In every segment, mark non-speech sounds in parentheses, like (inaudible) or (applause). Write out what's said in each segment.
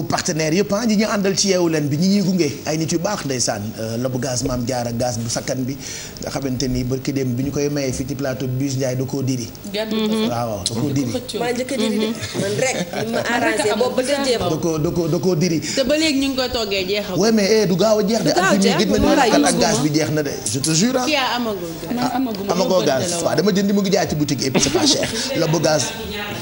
suñu partenaire yëpp ah ñi ñu àndal ci yeewu leen bi ñi ñuy ngee ay nit yu baax ndeysaan euh, labu gaz maam jaar ak bu sakkan bi nga xamante ni barki dem bi ñu koy mayee fii ci plateau bi Buse Ndiaye da diri. waaw da koo diri. maa njëkk a diri de mhm. man rek ñu koy toggee jeexagul. Eh, du gaaw a jeex bi jeex na de. je te jure ah. kii ah, amagoo gaz amagoo gaz waaw dama jëndi mu ngi jaay ci boutique et puis c'est pas cher (laughs)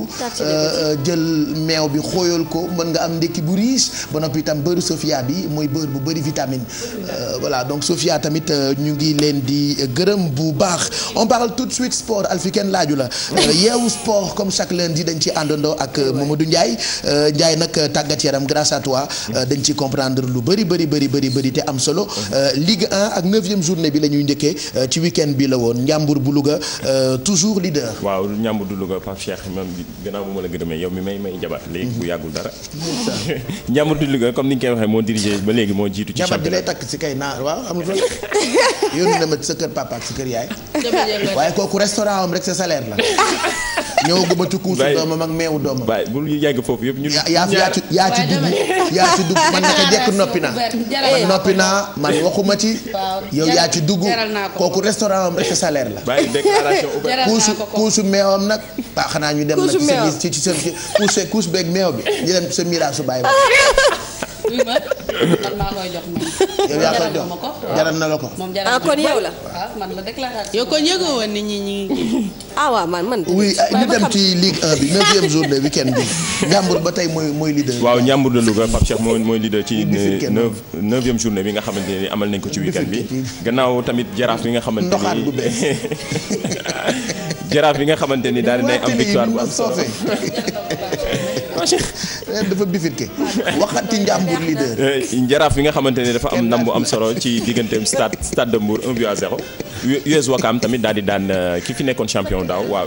loolu euh, euh, jël meew bi xooyal ko mën nga am ndekki bu riche ba noppi itam bëri sofia bi mooy bër bu bëri vitamine euh, voilà donc sofia tamit ñu ngi leen di gërëm bu baax on parle tout de suite sport Alphie kenn laaju la yeewu sport comme chaque lundi dañ ci àndandoo ak Mamadou njaay Ndiaye nag tàggat yaram grâce dañ ci comprendre lu bëri bëri bëri bëri bëri te am solo Ligue 1 ak neuvième journée bi la ñuy njëkkee ci week bi la woon Ndiambour bu Louga toujours leader waaw Ndiambour gannaaw bu ma la gërëmee yow mi may may jabar léegi bu yàggul dara. njàmbaar du liggéey comme ni ñu koy waxee moo dirigé ba léegi moo jiitu. ci championnat takk si kay naa waaw am na (laughs) yónni na ma sa kër papa ak sa kër yaay. waaye kooku restaurant am rek sa salaire la. (laughs) ñëwaguma ci kuusu doomam ak meewu doomam. waay bul yàgg foofu yëpp ñun. yaa yaa ci yaa ci dugg yaa ci dugg man naka jekk noppi naa. man noppi naa man waxuma ci. yow yaa ci dugg kooku restaurant am rek sa salaire la. kuusu kuusu meewam nag. waa xanaa ñu dem meew ci ci sa couche couche beeg meew bi ñu dem sa miraasu bàyyi ba. oui ma man maa koy jox moom. yow yaa koy jox jaral na la ko. moom jaral na la ko ah kon yow la. ah man la déclaration. yow kon yëgoo woon nit ñi ñi. ah waaw man man. oui ah, ñu dem ci Ligue 1 bi neuvième journée week-end bi. Ndiambour ba tey mooy mooy leader. waaw Ndiambour de Louga Pape Cheikh mooy mooy leader ci. neuf neuvième journée bi nga xamante ne amal nañ ko ci week-end bi. gannaaw tamit jaraaf bi nga xamante ni ndoxaat bu bees. (laughs) jaraaf bi nga xamante ni daal dinay am victoire bu am solo eh, dafa bifirke waxati njàmbur leader. Eh, jaraaf bi nga xamante ni dafa am ndam bu am solo ci digganteem stade stade de Mbour 1 but à 0. tamit daal di daan eh, ki fi nekkoon champion daaw waa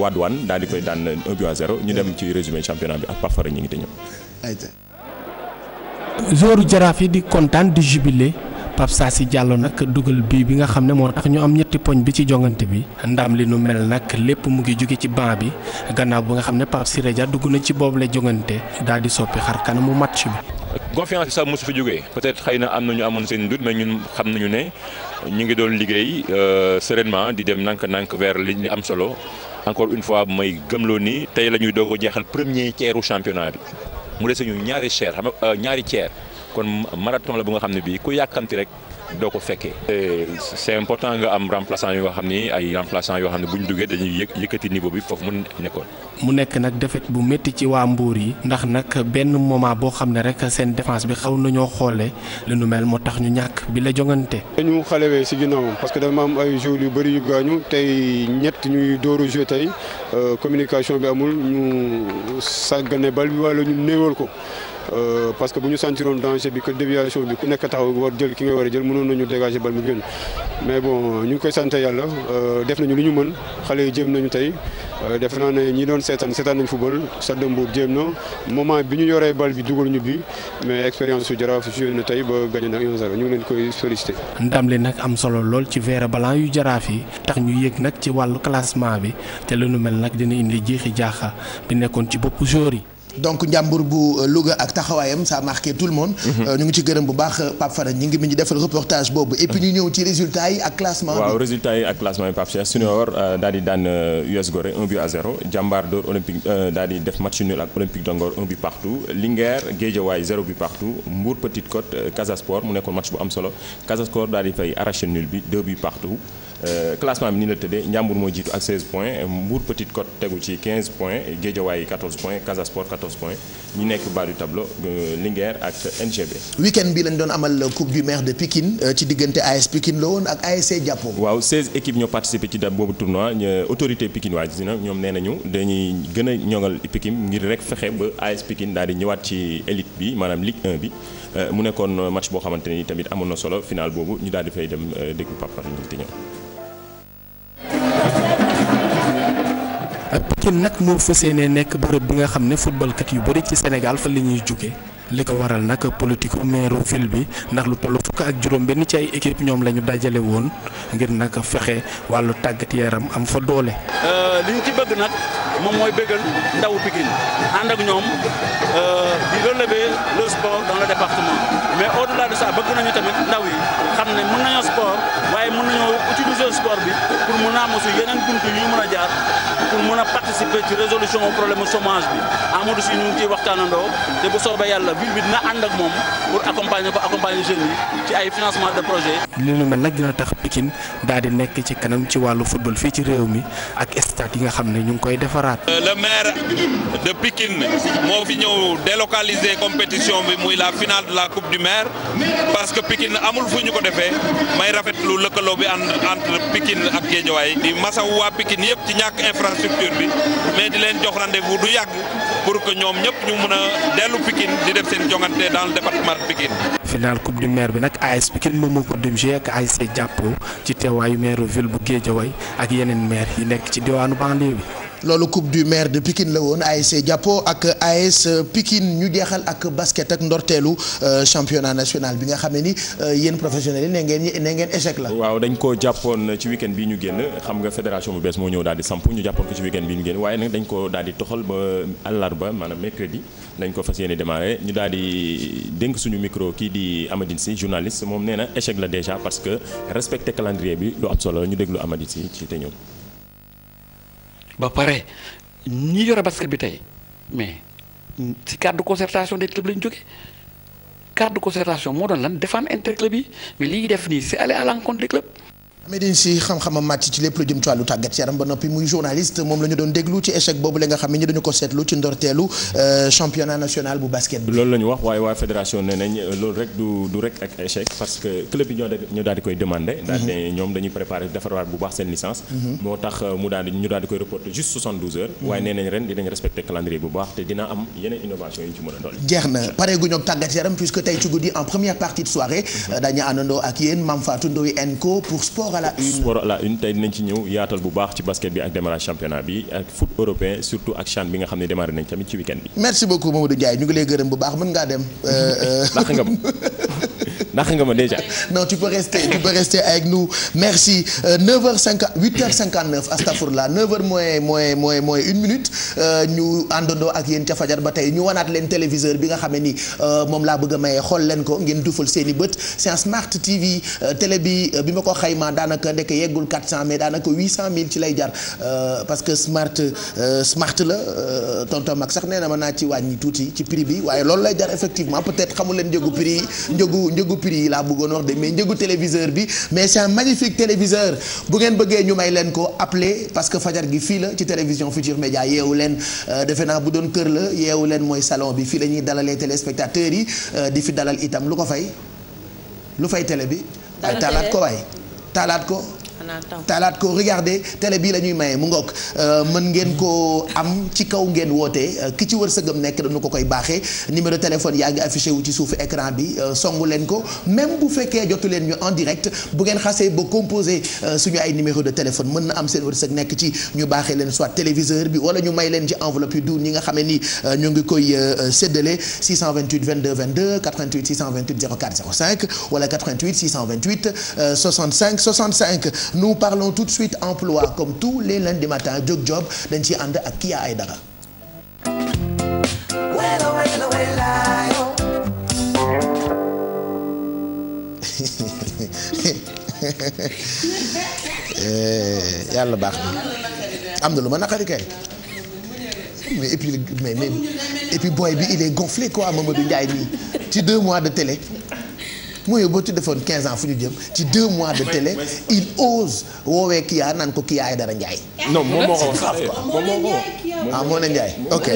waa Douane daal di koy daan 1 but ñu dem ci résumé championnat bi ak Pafara ñu ngi te ñëw. joueur jaraaf yi di kontaan di jubilé. Pape si Diallo nag dugal bii bi nga xam ne moo tax ñu am ñetti poñ bi ci jongante bi ndam li nu mel nag lépp mu ngi jóge ci banc bi gannaaw bi nga xam ne Pape Siré dugg na ci boobu lay jongante daal di soppi xar kanamu match bi. confiance bi sax mosu fi jógee peut-être xëy na am na ñu amoon seen doute mais ñun xam nañu ne ñu ngi doon liggéey euh, sereinement di dem nank-nank vers li am solo encore une fois may gëmloo ni tey la ñuy doog jeexal premier tiers u bi mu dese ñu ñaari euh, tiers xam ñaari kon marathon la bu nga xam ne bii ku yàkkamti rek doo ko fekkee. Euh, c'est important nga am remplaçant yoo xam ni ay remplaçant yoo xam ne bu ñu duggee dañuy yëkkati niveau bi foofu mu nekkoon. mu nekk nag défaite bu métti ci waa mbuur yi. ndax nag benn moment boo xam ne rek seen defence bi xaw nañoo xoolee lu nu mel moo tax ñu ñàkk bi la jongante. dañu xalewee si ginnaawam parce que dafa am ay joueurs yu bëri yu gaañu tey ñett ñuy dooru jeu tey euh, communication bi amul ñu sàggane bal bi ñu néewal ko. Euh, parce que bu ñu sentiroon danger bi que déviation bi ku nekk taxaw war jël ki nga war a jël mënoon nañu dégager bal mu génn mais bon ñu ngi koy sant yàlla euh, def nañu lu ñu mën xale yi jéem nañu tey euh, def naa ne ñi doon seetaan seetaan nañu football Stade Mbour jéem na moment bi ñu yoree bal bi dugal ñu bi mais expérience su jaraaf joué na tey ba gagné na 1-0 ñu ngi leen koy sollicité. ndam li nag am solo lool ci verre blanc yu jaraaf yi tax ñu yëg nag ci wàllu classement bi te lu mel nag dina indi jeexi jaaxa bi nekkoon ci bopp joueur yi. donc njàmbur bu euh, Louga ak taxawaayam ça a marqué tout le monde. Mhm. Euh, ñu ngi ci gërëm bu baax euh, Pape Fara ñu ngi mi ñu defal reportage boobu. et puis ñu ñëw ci résultats yi ak classement bi. waaw résultats yi ak classement bi Pape Cheikh Junior daal di daan US Gorée 1 but à 0 Jambar Dóor Olympique daal di def match nul ak Olympique de Ngor 1 but partout Linguère Guédiawaye 0 but partout Mbour Petite Côte Casa Sport mu nekkoon match bu am solo Casa Sport daal di fay arraché nul bi 2 buts partout. classement bi ni la tëddee Njàmbur moo jiitu ak 16 points Mbour Petite Côte tegu ci 15 points Guédiawaye 14 points Casa Sport 14. 14 points nekk bas du tableau euh, Linguère ak NGB. week bi lañ doon amal coupe du maire de Pikine euh, ci diggante AS Pikine la woon ak ASC Jàppo. waaw 16 équipes ñoo participé ci boobu tournoi autorité Pikine waa nag ñoom nee nañu dañuy gën a ñoŋal Pikine ngir rek fexe ba AS Pikine daal di ñëwaat ci élite bi maanaam Ligue 1 bi euh, mu nekkoon match boo xamante ni tamit amoon na solo final boobu ñu daal di fay dem déglu Papa ñu ngi ñëw. Pikine nag moo fësee ne nekk bërëb bi nga xam ne footballkat yu bëri ci Sénégal fa la ñuy jóge li ko waral nag politique meeru ville bi ndax lu tollu fukk ak juróom benn ci ay ñoom la ñu dajale woon ngir nag fexe wàllu tàggat yaram am fa doole. Euh, li ñu ci bëgg nag moom mooy bëggal ndawu Pikine ànd ak ñoom euh, di relever le sport dans le mais au-delà de ça bëgg nañu tamit ndaw yi xam ne mën nañoo sport waaye mën nañoo utiliser sport bi pour mun a am yeneen buntu yu ñu mën a jaar pour mun a participer ci résolution problème mu bi Amadou si ñu ngi ciy waxtaanandoo te bu soobee yàlla ville bi dina ci ay financement de projet. li nu mel nag dina tax Pikine daal di nekk ci kanam ci wàllu football fii ci réew mi ak stade yi nga xam ne ñu ngi koy defaraat. Euh, le maire de Pikine moo fi ñëw délocaliser compétition bi muy la finale de la coupe du maire parce que Pikine amul fu ñu ko defee may lu lëkkaloo bi entre Pikine ak Guédiawaye di masawu waa Pikine yëpp ci ñàkk infrastructure bi mais di leen jox rendez-vous du yàgg pour que ñoom ñëpp ñu mën dellu Pikine bi nag ak AS Pikine moom moo ko dirigé ak ASC jàppoo ci teewaayu maire ville bu Guédiawaye ak yeneen maire yi nekk ci diwaanu banlieue bi loolu coupe du maire de Pikine la woon ASC jàppoo ak AS Pikine ñu jeexal ak basket ak ndorteelu euh, championnat national bi nga xam ne ni euh, yéen professionnels yi ne ngeen ne ngeen échec la. waaw dañ ko jàppoon ci week bi ñu génn xam nga fédération bu bees moo ñëw daal di samp ñu jàppoon ko ci week-end bi ñu génn waaye nag dañ ko daal di toxal ba àllarba maanaam mercredi dañ ko fas yéene démarrer ñu daal di dénk suñu micro kii di Amadine Sy journaliste moom nee na échec la parce que respecter calendrier bi lu solo ñu déglu Amadine Sy ci te ñëw. ba pare ñi yore basket bi tey mais si cadre de concertation des clubs lañ jógee cadre de concertation moo doon lan défendre intérêt club yi mais li ñuy def nii si aller à l'encontre des Medine si xam-xamam màcc ci lépp lu jëm ci wàllu tàggat yaram ba noppi muy journaliste moom la doon déglu ci échec boobu la nga xam ne dañu ko seetlu ci ndorteelu euh, championnat national bu basket bi. loolu wax waaye waa fédération nee nañ euh, loolu du du ak échec parce que club yi ñoo ñoo koy demandé. Mhm. daal ñoom dañuy préparé defaraat bu baax seen licence. Mhm. moo tax euh, mu daal ñu daal koy reporté juste 72 mhm. waaye nee ren dinañ respecté sport à la une sport à dinañ ci ñëw yaatal bu baax ci basket bi ak démarrage championnat bi ak foot européen surtout ak CHAN bi nga xam ne démarré nañ tamit ci week-end bi. merci beaucoup Mamadou Ndiaye ñu ngi lay gërëm bu baax mën ngaa dem. (laughs) ndax nga ma déjà. non tu peux rester tu peux rester avec nous merci 9h50 8h59 mooy 9h une minute euh, ñu àndandoo ak yéen ca fajar ba tey ñu wanaat leen téléviseur bi nga xamee ni euh, moom laa bëgg a maye xool leen ko ngeen dufal seen i bët c'est un Smart TV euh, télé bi bi ma ko xaymaa daanaka ndekk yeggul 400 mais daanaka mille ci lay jar parce que Smart Smart la tonton mag sax nee na ma naa ci wàññi tuuti ci prix bi waaye loolu lay jar effectivement peut-être xamu leen njëgu prix njëgu njëgu. njëgu prix yi laa bëggoon wax de mais njëgu téléviseur bi mais c'est magnifique téléviseur bu ngeen bëggee ñu may leen ko appelé parce que fajar gi fii la ci télévision Futur Média yeewu leen euh, defe naa bu doon kër la yeewu leen mooy salon bi fii la ñuy dalalee téléspectateurs yi euh, di fi dalal itam lu ko fay lu fay télé bi. taalaat ko waay taalaat ko. talaat ko regardez télé bii la ñuy maye mu ngoog euh, mën ngeen koo am ci kaw ngeen wootee euh, ki ci wërsëgam nekk dañu ko koy baaxee numéro téléphone yaa ngi affiché wu ci suuf écran bi euh, songu leen ko même bu fekkee jotu leen ñu en direct bu ngeen xasee ba composé suñu ay numéro de téléphone mën na am seen wërsëg nekk ci ñu baaxee leen soit téléviseur bi wala ñu may leen ci enveloppe yu du ñi nga xam ne ni ñu ngi koy séddale 628 22 22 88 628 04 05 wala 88 628 65 65 nous parlons tout de suite emploi comme tous les lundis matin jóg job dañ ci ànd ak Kya Aidara eh, yàlla baax na am na lu ma naqari kay mais mais mais et boy bi il est gonflé quoi Mamadou Ndiaye nii ci deux mois de télé mooy boo ci defoon 15 ans fu ñu jëm ci 2 mois de télé il ose woowee Kya naan ko Kya Aidara dara non moom moo ko ah, ah moo ne Ndiaye ok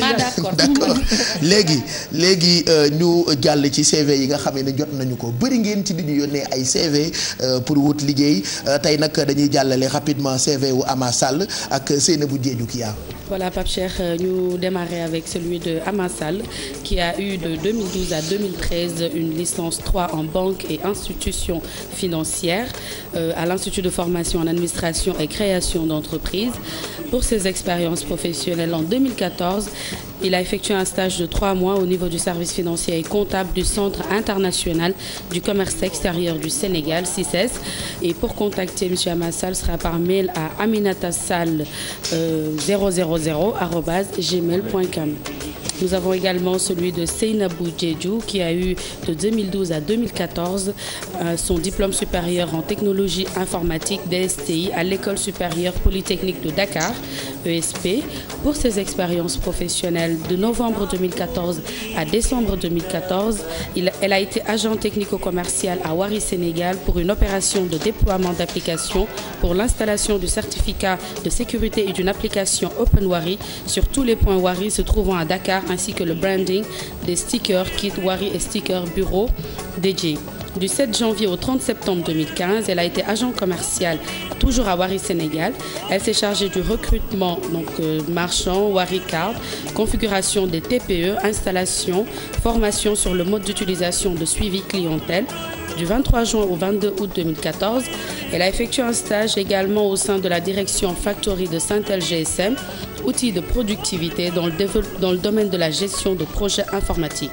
d'accord léegi léegi euh, ñu jàll ci CV yi nga xam ne jot nañu ko bëri ngeen ci di ñu yónnee ay CV euh, pour wut liggéey euh, tey nag dañuy jàllale rapidement CV wu Ama Sall ak bu Diédhiou Kya. Voilà, Pape Cheikh, nous euh, démarrer avec celui de Amassal, qui a eu de 2012 à 2013 une licence 3 en banque et institutions financières euh, à l'Institut de formation en administration et création d'entreprises. Pour ses expériences professionnelles en 2014, Il a effectué un stage de trois mois au niveau du service financier et comptable du Centre international du commerce extérieur du Sénégal, CICES. E et pour contacter M. Amassal, sera par mail à aminatassal000 euh, gmail.com. Nous avons également celui de Seynabou Djedjou qui a eu de 2012 à 2014 euh, son diplôme supérieur en technologie informatique DSTI à l'École supérieure polytechnique de Dakar. l'AESP pour ses expériences professionnelles de novembre 2014 à décembre 2014. elle a été agent technico-commercial à Wari Sénégal pour une opération de déploiement d'applications pour l'installation du certificat de sécurité et d'une application Open Wari sur tous les points Wari se trouvant à Dakar ainsi que le branding des stickers kit Wari et stickers bureau DJ. Du 7 janvier au 30 septembre 2015, elle a été agent commercial toujours à Wari Sénégal. Elle s'est chargée du recrutement donc euh, configuration des TPE, formation sur le mode de suivi clientèle. Du 23 juin au 22 août 2014, elle a effectué la direction Factory de Saint-LGSM outils de productivité dans le, dans le de la gestion de projets informatiques.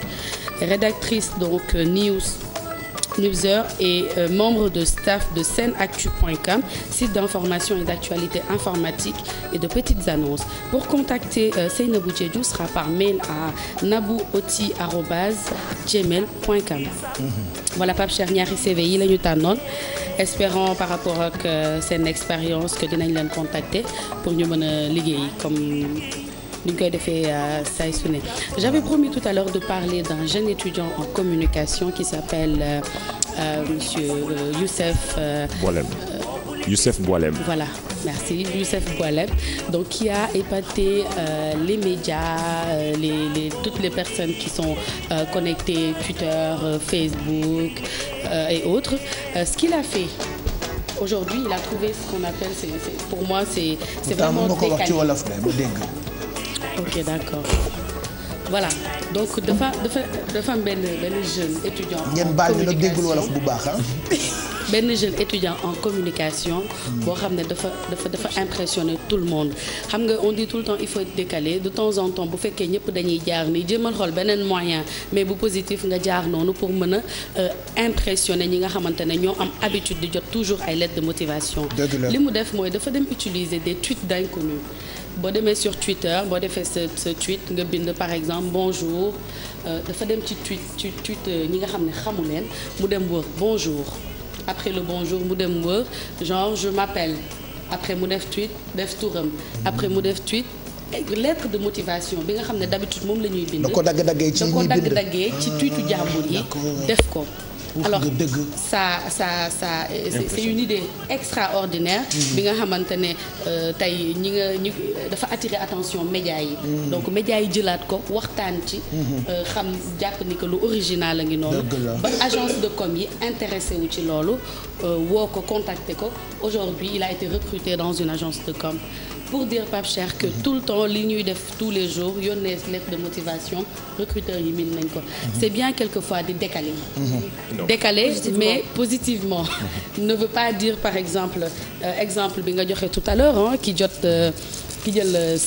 Rédactrice donc euh, News newser et euh, membre de staff de sceneactu.com, site d'information et d'actualité informatique et de petites annonces. Pour contacter euh, Seynabou Diédhiou sera par mail à nabouoti@gmail.com. Mm -hmm. Voilà Pape Cheikh ñaari CV yi la ñu tànnoon espérant par rapport ak euh, seen expérience que dinañ leen contacter pour ñu mën a liggéey comme ni koy defee euh, saa su ne j'avais promis tout à l'heure de parler d'un jeune étudiant en communication qui s'appelle euh, euh monsieur euh, Youssef Boilem Youssef Boilem voilà merci Youssef Boilem donc qui a épaté euh, les médias euh, les les toutes les personnes qui sont euh, connectées Twitter Facebook et autres ce qu'il a fait aujourd'hui il a trouvé ce qu'on appelle c'est pour moi c'est c'est vraiment décalé ok d'accord voilà donc dafa dafa dafa benn benn jeune étudiant. ngeen baal ñu nag déggul bu baax ah. (laughs) benn jeune étudiant en communication. boo xam ne dafa dafa dafa impressionner tout le monde xam nga on dit tout le temps il faut être décalé de temps en temps bu fekkee ñëpp dañuy jaar nii jéemal xool beneen moyen mais bu positif nga jaar noonu pour mën a euh, impressionner ñi nga xamante ne ñoo am habitude di jot toujours ay lettres de motivation. li mu def mooy dafa dem utiliser des tweets d'inconnus boo demee sur Twitter boo defee sa sa nga bind par exemple bonjour euh, dafa dem ci tweet ci tweet euh, ñi nga xam ne xamu leen mu dem wër bonjour après le bonjour mu dem wër genre je m'appelle après mu def tweet def turam après mu def tweet lettre de motivation bi nga xam ne d'habitude moom la ñuy bind da ko dagg daggee ci tweetu jàmbur yi ah, def ko alors ça ça sa c'est une idée extraordinaire mm-hmm. bi nga xamante ne euh, tey ñi nga ñi dafa attirer attention média yi mm-hmm. donc média yi jëlaat ko waxtaan ci mm-hmm. euh, xam jàpp ni ko lu original a ngi noonu ba agence de com yi intéressé wu ci loolu euh, woo ko contacter ko aujourd'hui il a été recruté dans une agence de com pour dire Pape Cheikh que tout le temps li ñuy def tous les jours yónnee lettre de motivation recruteur yi min nañ ko mhm. c'est bien quelquefois de décaler mhm. décaler mais positivement mhm. ne veut pas dire par exemple euh, exemple bi nga joxee tout à l'heure ah ki jot euh, ki jël euh,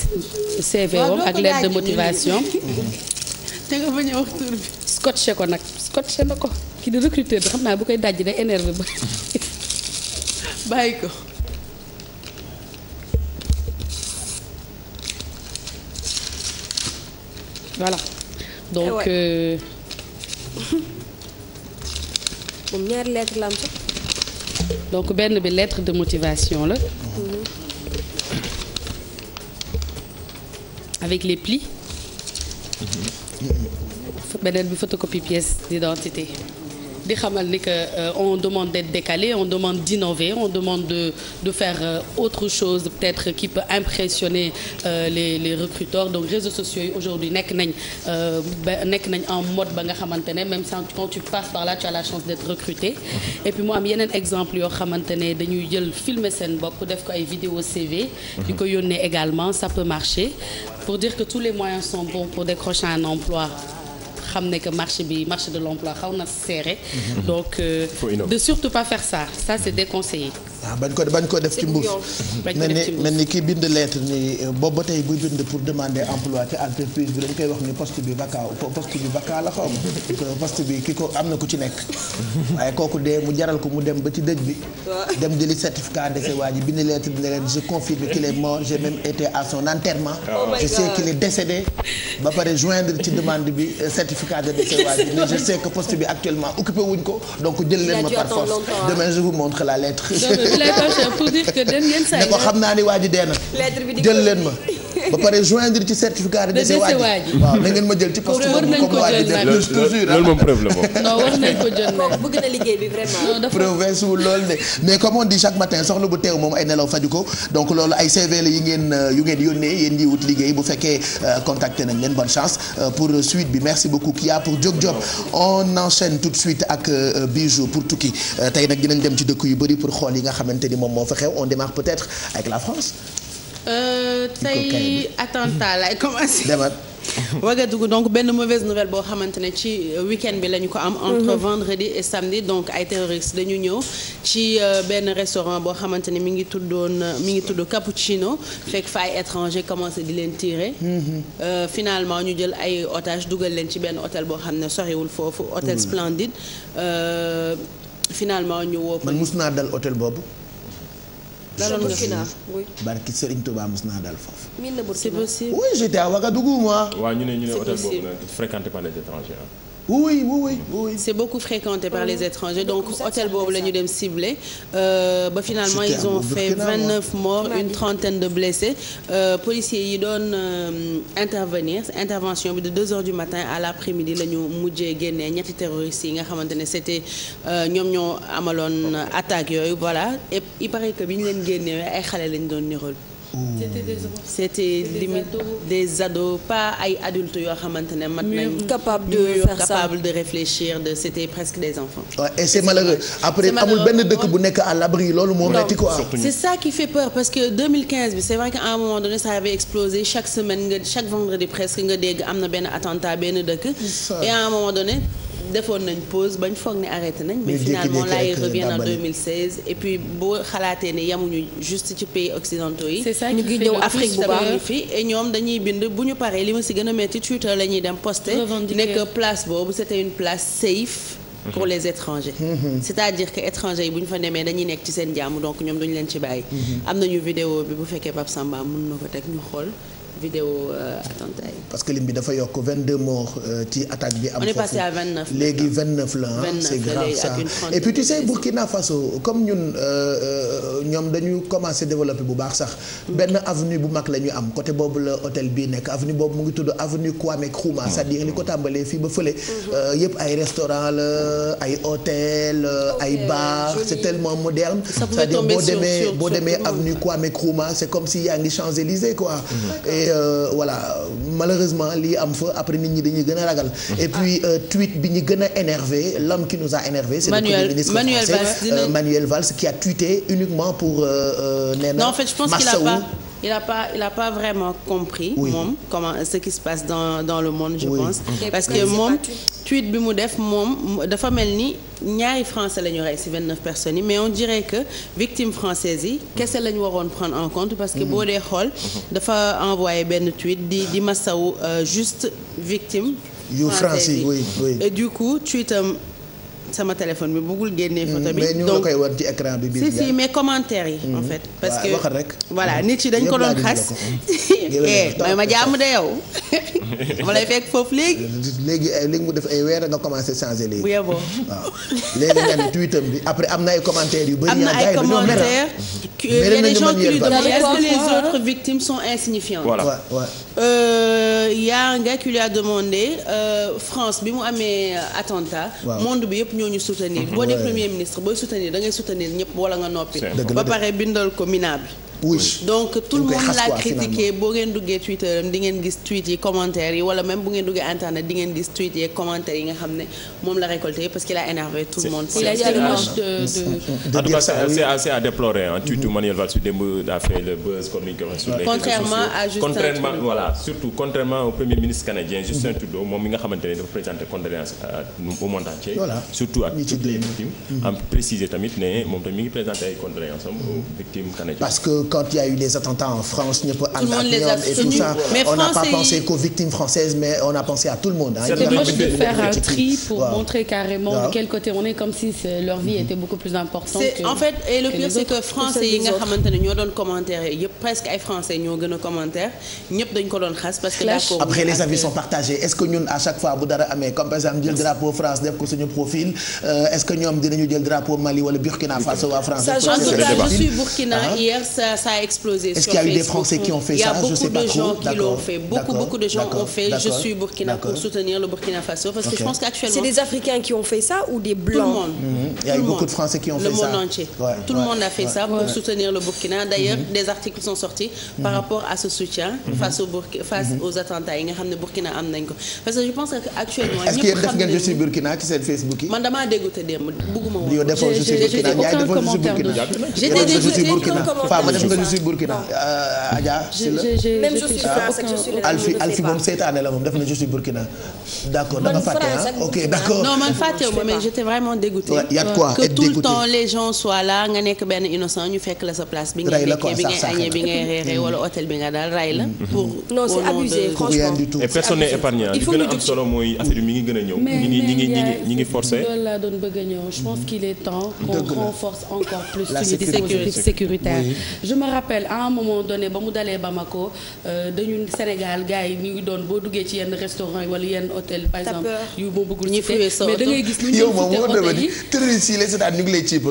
CV ak lettre de motivation (laughs) te nga bañ a bi scotché ko nag scotché na ko ki di recruteur bi xam naa bu koy dajj day énervé ba bàyyi ko voilà donc. Eh euh, moom ñaari lettre la am donc benn bi lettre de motivation la. Mhm. avec les plis. Mhm. beneen bi photocopie pièce d'identité. di xamal ni que euh, on demande de décalé on demande d'innover on demande de de faire euh, autre chose peut-être qui peut impressionner euh, les les recruteurs donc réseaux sociaux yi aujourd'hui nekk nañ nekk nañ en mode ba nga xamante ne même sans quand tu passes par là tu as la chance d'être recruté mhm. et puis mu am yeneen exemple yoo xamante ne dañuy jël filmer seen bopp def ko ay vidéo CV di ko mhm. yónnee également ça peut marcher pour dire que tous les moyens sont bons pour décrocher un xam ne que marché bi marché de l'emploi xaw na serré mhm. donc euh, de surtout pas faire ça ça c'est déconseillé waaw ah, bañ ko bañ ko def ci mhm. mbuus mel ni mel ni ki bind lettre ni euh, booba tey buy bind pour demander emploi ci entreprise bi dañ koy wax ni poste bi vacant poste bi vacant la xaw ma (laughs) euh, bi ki ko am na ku ci nekk waaye kooku dee mu jaral ko mu dem ba ci dëj bi dem jëli certificat de waa ji bind lettre bi ne leen je confirme qu'il est mort j'ai même été à son enterrement oh je sais qu'il décédé ba pare joindre ci demande bi euh, certificat de décès waa ji bi actuellement occupé wuñ ko donc jël leen ma par lay torché pour dire que den yenn saa yi. ne ko xam naa ni waa ji dee na. jël leen ma. (laughs) ba pare joindre ci certificat de décès waa ji ngeen ma jël ci poste boobu comme ko jël moom bëgg na liggéey bi vraiment preuve de mais comme on dit chaque matin soxla bu teew moom ay nelaw faju ko donc loolu ay CV la yi ngeen euh, yu ngeen yónnee yéen di wut liggéey bu fekkee euh, contacté nañ leen bonne chance euh, pour suite bi merci beaucoup Kia pour Jóg Jóg on enchaîne tout de suite ak Bijou pour tukki tey nag dinañ dem ci dëkk yu bëri pour xool yi nga xamante ni moom moo fa xew on démarre peut-être la France Euh, tey attentat laay commencé. demal. Ouagadougou donc benn mauvaise nouvelle boo xamante ne ci euh, week bi la ñu ko am. entre mhm. vendredi et samedi donc ay terroristes dañu ñëw ci euh, benn restaurant boo xamante ne mi ngi tuddoon mi ngi tudd cappuccino fekk fa ay étranger commencé di leen tirer. Mhm. finalement ñu jël ay otage dugal leen ci benn hôtel boo xam ne soriwul foofu. hôtel mhm. Splendide finalement ñu woo. man mus naa dal hôtel boobu. daloon nga fi barki Serigne Touba mos naa dal foofu. miin na Burkina c'est possible. oui j'étais à Ouagadougou moi. ñu ne ñu ne hôtel boobu nag fréquenté oui oui oui. c'est beaucoup fréquenté par les étrangers donc hôtel boobu la ñu dem ciblé euh, ba finalement ils ont fait vingt neuf morts une trentaine de blessés euh, policiers yi doon euh, intervenir intervention bi de deux heures du matin à l'après-midi la ñu mujjee génnee ñetti terroristes yi nga xamante ne c'était ñoom ñoo amaloon attaque yooyu voilà et il paraît que bi ñu leen génnee ay xale lañ doon nirool. c'était limite des ados pas ay adultes yoo xamante ne mat nañ capable de faire ça capable de réfléchir de c'était presque des enfants ouais, et c'est malheureux après amul benn dëkk bu nekk à l'abri loolu moo metti quoi c'est ça qui fait peur parce que 2015 bi c'est vrai qu'à un moment donné ça avait explosé chaque semaine chaque vendredi presque nga dégg am na benn attentat benn dëkk et à un moment donné defoon nañ pose bañ foog ni arrêté nañ. mais finalement là il en et puis boo xalaatee ne yamuñu juste ci pays occidentaux yi. c'est ñu ngi ñëw Afrique bu baax fi et ñoom dañuy bind bu ñu paree li ma si gën a metti Twitter lañuy ñuy dem posté. nekk place boobu c'était une place safe. pour mhm. les étrangers. Mhm. c'est-à-dire que étrangers yi bu ñu fa demee dañuy nekk ci seen jàmm donc ñoom dañu leen ci bàyyi. Mhm. am nañu vidéo bi bu fekkee Pape Samba mën na ko teg ñu xool. vidéo euh, parce que lim bi dafa yokk 22 morts euh, ci attaque bi. am foofu on est léegi 29 la ah. c'est grave ça et puis tu sais Burkina Faso comme ñun euh, ñoom dañu commencé développer bu baax sax. benn avenue bu mag la ñu am côté boobu la hôtel bii nekk avenue boobu mu ngi tudd avenue Kwame Nkrumah c'est-à-dire li ko tàmbalee fii ba fële. Mhm. yëpp ay restaurant la ay hôtel ay bar c'est tellement moderne. c'est-à-dire boo demee boo demee avenue Kwame Nkrumah c'est comme si yaa ngi Champs-Élysées quoi. et euh, voilà malheureusement lii am fa après nit ñi dañuy gën a ragal. Mm-hmm. et puis euh, tweet bi ñu gën a énervé l'homme qui nous a énervé. c'est Manuel, le premier ministre euh, Manuel Valls, qui a tweeté uniquement pour nee na. non il a pas il a pas vraiment compris. Oui. moom comment ce qui se passe dans le monde. je pense mm-hmm. parce que moom tweet bi mu def moom dafa mel ni ñaari français la ñu rey ci 29 personnes yi mais on dirait que victime française yi kese la ñu waroon prendre en compte. parce que mm-hmm. boo dee xool mm-hmm. dafa envoyé benn tweet di di masawu euh, juste victim yu français et du coup sama téléphone bi bëggul génnee mm, photo bi donc koy war ci écran bi si si mais commentaires yi en mm, fait parce que voilà mm. nit yi dañ ko doon xas (laughs) eh, may ma jàmm de yow (laughs) ma lay fekk foofu léegi léegi eh, léegi mu def ay weer a nga commencé changé léegi bu yeboo waaw nga ne bi après am na ay commentaires yu bëri am na ah, ay ah. commentaires mais les gens qui lui est que les autres victimes sont insignifiantes voilà euh, Euh, yaa nga ku lui a demandé euh, France bi mu amee euh, attentat. monde bi yëpp ñoo ñu soutenir. Mhm. boo dee premier ministre booy soutenir da ngay soutenir ñëpp wala nga noppi. ba pare bindal ko mina bi. oui donc tout le monde l'a boo ngeen duggee Twitter am gis tweet yi commentaires yi wala même bu ngeen duggee internet di ngeen gis tweet yi commentaires yi nga xam ne moom la récolté parce qu'il a énervé tout le monde. c'est c'est à déplorer hein tweetu mm-hmm. Manuel Valls démb a fait le buzz contrairement à Justin Trudeau voilà mm-hmm. moom mi nga xamante ne dafa présenté condoléances euh, au mm-hmm. moom tamit mi ngi présenté ay condoléances aux victimes quand il y a eu les attentats en France ñëpp ànd ak ñoom et tout ça on n'a pas pensé qu'aux victimes françaises mais on a pensé à tout le monde c'est moche de faire un tri pour montrer carrément de quel côté on est comme si leur vie mm-hmm. était beaucoup plus importante en fait et le pire c'est que français yi nga xamante ne ñoo doon commentaire yëpp presque ay français ñoo gën a commentaire ñëpp dañ ko doon xas parce que d'accord après les avis sont partagés est-ce que ñun à chaque fois bu dara amee comme par exemple jël drapeau France def ko suñu profil euh, est-ce que ñoom dinañu jël drapeau Mali wala Burkina Faso waa France je suis Burkina ah. hier ça ça a ce qu'il y a des Français qui ont fait ça qui l'ont Burkina pour soutenir le Burkina Faso parce que je pense qu'actuellement le monde. Mhm. Il pour soutenir le Burkina. D'ailleurs mhm. des articles sont sortis par mhm. rapport à ce soutien face aux attentats yi ne Burkina am nañ parce que je pense que je suis Burkina ci seen Facebook yi. man damaa dégoûté démb bugguma woon. yow defoo je suis Burkina Ndiaye defoo je suis Burkina. nga ñu si Burkina. Euh, Adja la même je suis France def na je Burkina. d' da nga d' non man fàttewuma mais j'étais vraiment dégoûtée. a que tout le temps les gens soient là nga nekk benn innocent ñu fekk la sa place. bi ngay nekkee bi ngay añee bi ngay reeree mm. wala hôtel bi nga daal ray la. Mm-hmm. pour personne n'est a am solo mooy affaire yi ngi gën a ñëw. ngi ñi ngi ñi ngi doon bëgg a ñëw je pense mm-hmm. qu'il est temps qu'on renforce encore plus. la sécurité sécuritaire me rappelle à un moment donné ba mu dalee ba Bamako euh, dañu Sénégal gars yi ñu ngi doon boo duggee ci yenn restaurant yi wala yenn hôtel par exemple yu ma bëggul ñi mais da ngay gis lu ñu yow moom moo demee terroriste yi les états ñu ngi mu leen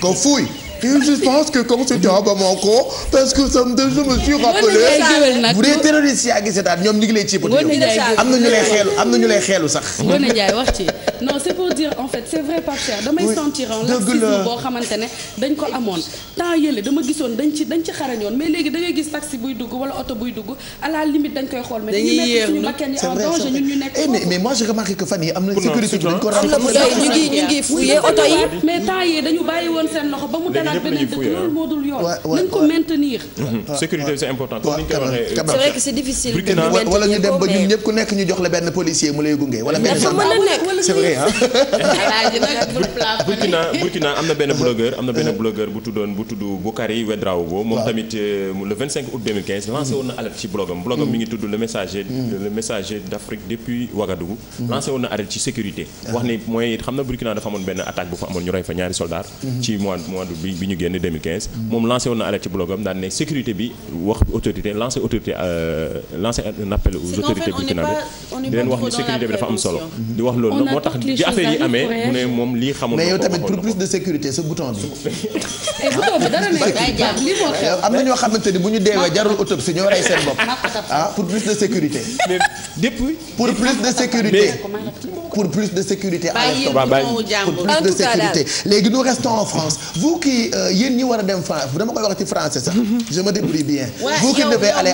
ko fuuy je pense que comme c'était un parce que ça me bu dee terroriste yaa ngi seetaan ñoom ñu ngi lay ci pour dire en fait c'est vrai Pape Cheikh ci xarañoon mais léegi da ngay gis taxi buy dugg wala oto buy dugg à la dañ koy xool mais eh, mais mais moi j'ai fan yi am na sécurité bi dañ ko ram ñu ngi ñu ngi fouillé oto yi mais temps yi dañu bàyyi woon seen loxo ba mu xoolaat beneen dëkk loolu que c'est difficile. wala ñu ba nekk ñu jox benn policier mu lay gunge wala benn. a nekk ah. (laughs) Burkina am na benn uh-huh. uh-huh. blogueur bu tuddoon bu tudd Bokari Ouedraogo. moom tamit euh, le 25 août 2015 uh-huh. lancé woon na alerte ci blogam. blogam mi ngi euh, na alerte ci sécurité. wax ni mooy xam na Burkina dafa amoon benn attaque bu fa amoon ñu rey fa ñaari soldats. ci mois mois d'août bi bi ñu génn 2015. moom lancé woon na alerte ci blogam daan ne sécurité bi wax autorité lancé autorité euh, lancé un appel aux autorités burkinabé di leen wax ni sécurité bi dafa am solo. di wax loolu nag moo tax bi affaire yi amee mu ne moom lii xamul. mais yow tamit pour plus de sécurité sa bouton bi. (laughs) bouton bi dara nekk am na ñoo xamante ni bu ñu deewee jarul autopsie ñoo rey seen bopp (laughs) ah pour plus de sécurité. mais depuis. pour plus de sécurité. pour plus de sécurité. en tout cas léegi nous restons en France vous qui mooy euh, yéen ñi war a dem France dama koy wax ci français sax. Mhm. je me débrouille bien. vous qui devez aller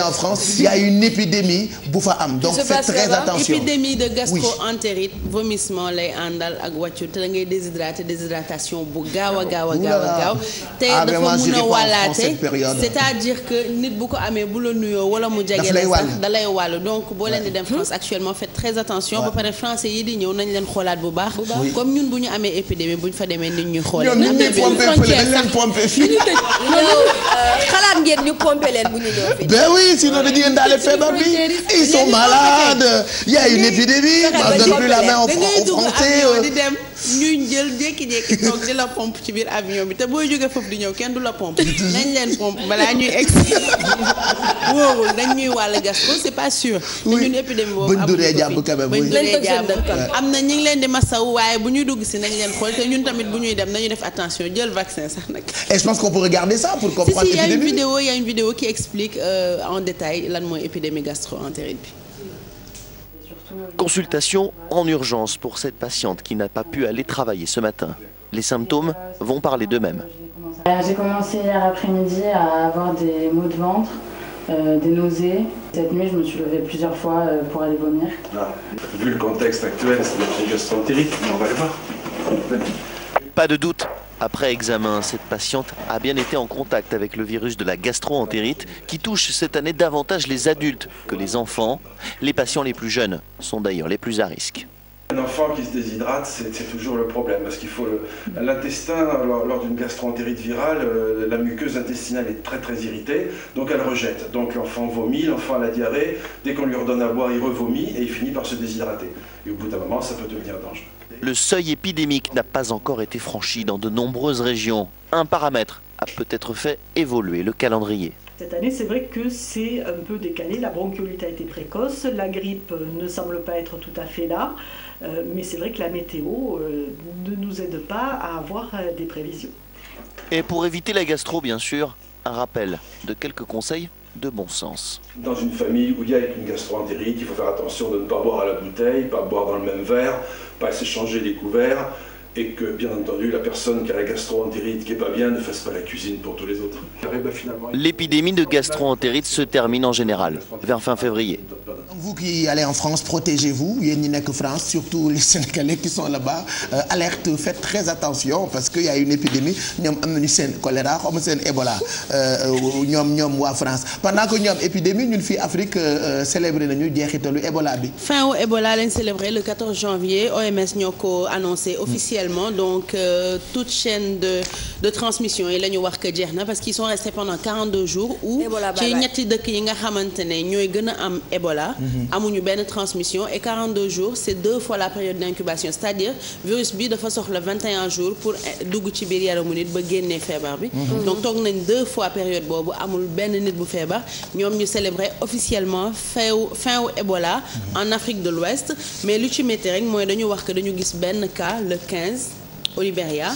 en France vous a une épidémie bu fa am. donc faites très attention épidémie de gastro-entérite vomissement lay àndal ak wàccu bu gaaw a gaaw a gaaw a gaaw. te ah, dafa mun a wàllaate c'est-à-dire que nit bu ko amee bu la nuyoo wala mu jege la sax da lay donc boo leen di dem France actuellement faites très attention ba pare français yi di ñëw nañ leen xoolaat bu baax comme ñun bu ñu amee épidémie bu ñu fa demee nit ñu xoolee. ñoom ñu ngi pompé fële dañ leen pompé fii. Euh, euh, xalaat ngeen ñu pompé leen bu ñu ñëw fii. ben oui sinon dañu leen daale feebar bi ils sont malades il y a une épidémie. on ne donne plus la main aux Français. jël jékki-jékki toog di la pompe ci biir avion bi te booy jógee foofu di ñëw kenn du la pompe nañ leen pompe balaa ñuy egg wóorul dañ ñuy wàll gas ko c'est pas sûr. ñun épidémie boobu buñ duree jàpp quand même buñ duree jàpp am na ñu ngi leen di masaw waaye bu ñuy dugg si nañ leen xool te ñun tamit bu ñuy dem nañu def attention jël vaccin sax nag. et je pense qu'on peut regarder ça pour comprendre. si si y a une vidéo y a une vidéo qui explique euh, en détail lan mooy épidémie gastro-entérite bi. Consultation en urgence pour cette patiente qui n'a pas pu aller travailler ce matin. Les symptômes vont parler d'eux-mêmes. J'ai commencé hier après-midi à avoir des maux de ventre, euh, des nausées. Cette nuit, je me suis levée plusieurs fois euh, pour aller vomir. Ah, on va le voir. Pas de doute, Après examen, cette patiente a bien été en contact avec le virus de la gastroentérite qui touche cette année davantage les adultes que les enfants. Les patients les plus jeunes sont d'ailleurs les plus à risque. parce qu'il faut l'intestin, lors, d'une gastroentérite virale, euh, la muqueuse intestinale est très très irritée, donc elle rejette. Donc l'enfant vomit, l'enfant la diarrhée, dès qu'on lui redonne à boire, il revomit et il finit par se déshydrater. Et Le seuil épidémique n'a pas encore été franchi dans de nombreuses régions. Un paramètre a peut-être fait évoluer le calendrier. Cette année, c'est vrai que c'est un peu décalé. La bronchiolite a été précoce, la grippe euh, ne semble pas être tout à fait là, euh, mais c'est vrai que la météo euh, ne nous aide pas à avoir des prévisions. Et pour éviter la gastro, bien sûr, un rappel de quelques conseils de bon sens. Dans une famille où il y a une gastroentérite, il faut faire attention de ne pas boire à la bouteille, pas boire dans le même verre, pas s'échanger des couverts. et que, bien entendu, la personne qui a la gastroentérite qui n'est pas bien ne fasse pas la cuisine pour tous les autres. Eh L'épidémie de gastroentérite se termine en général, vers fin février. Vous qui allez en France, protégez-vous, yéen ñi France, surtout les (laughs) Sénégalais qui sont là-bas, euh, faites très attention parce qu'il y a une épidémie, ñoom am nañu seen choléra, am seen Ebola, euh, ñoom ñoom waa France. Pendant que ñoom épidémie, ñun fii Afrique euh, célébré nañu jeexitalu Ebola bi. Fin au Ebola également donc euh, toute chaîne de transmission yi la ñu wax que jeex na parce qu'ils sont restés pendant 42 jours où ci ñetti dëkk yi nga xamante ne ñooy gën a am Ebola mhm. amuñu benn transmission et 42 jours c'est deux fois la période d'incubation c'est-à-dire virus bi dafa soxla 21 jours pour euh, dugg ci biir yaramu nit ba génnee feebar bi mhm. donc toog nañ deux fois période boobu amul benn nit bu feebar ñoom ñu célébrer officiellement fin wu fin wu Ebola mhm. en Afrique de l'Ouest mais lu ci métti rek mooy dañu wax que is au Libéria.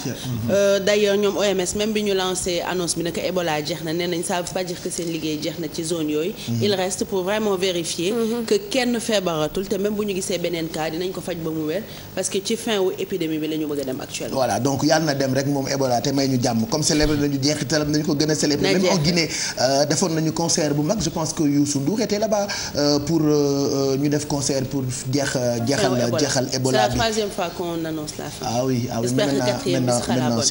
Euh, ñoom OMS même bi ñu lancé annonce bi naka Ebola jeex na nee nañ ça veut seen liggéey jeex na ci zone yooyu. Mhm. il reste pour vraiment vérifier. Mhm. kenn feebaratul te même bu ñu gisee beneen cas dinañ ko faj ba mu wér parce que ci fin wu épidémie bi la ñu a dem actuellement. voilà donc yàlla na dem rek moom Ebola te may ñu jàmm comme célébrer nañu jeexitalam nañu ko gën a célébrer. même en Guinée euh, defoon nañu concert bu mag je pense que Youssou euh, pour ñu def concert pour jeex jeexal maintenant maintenant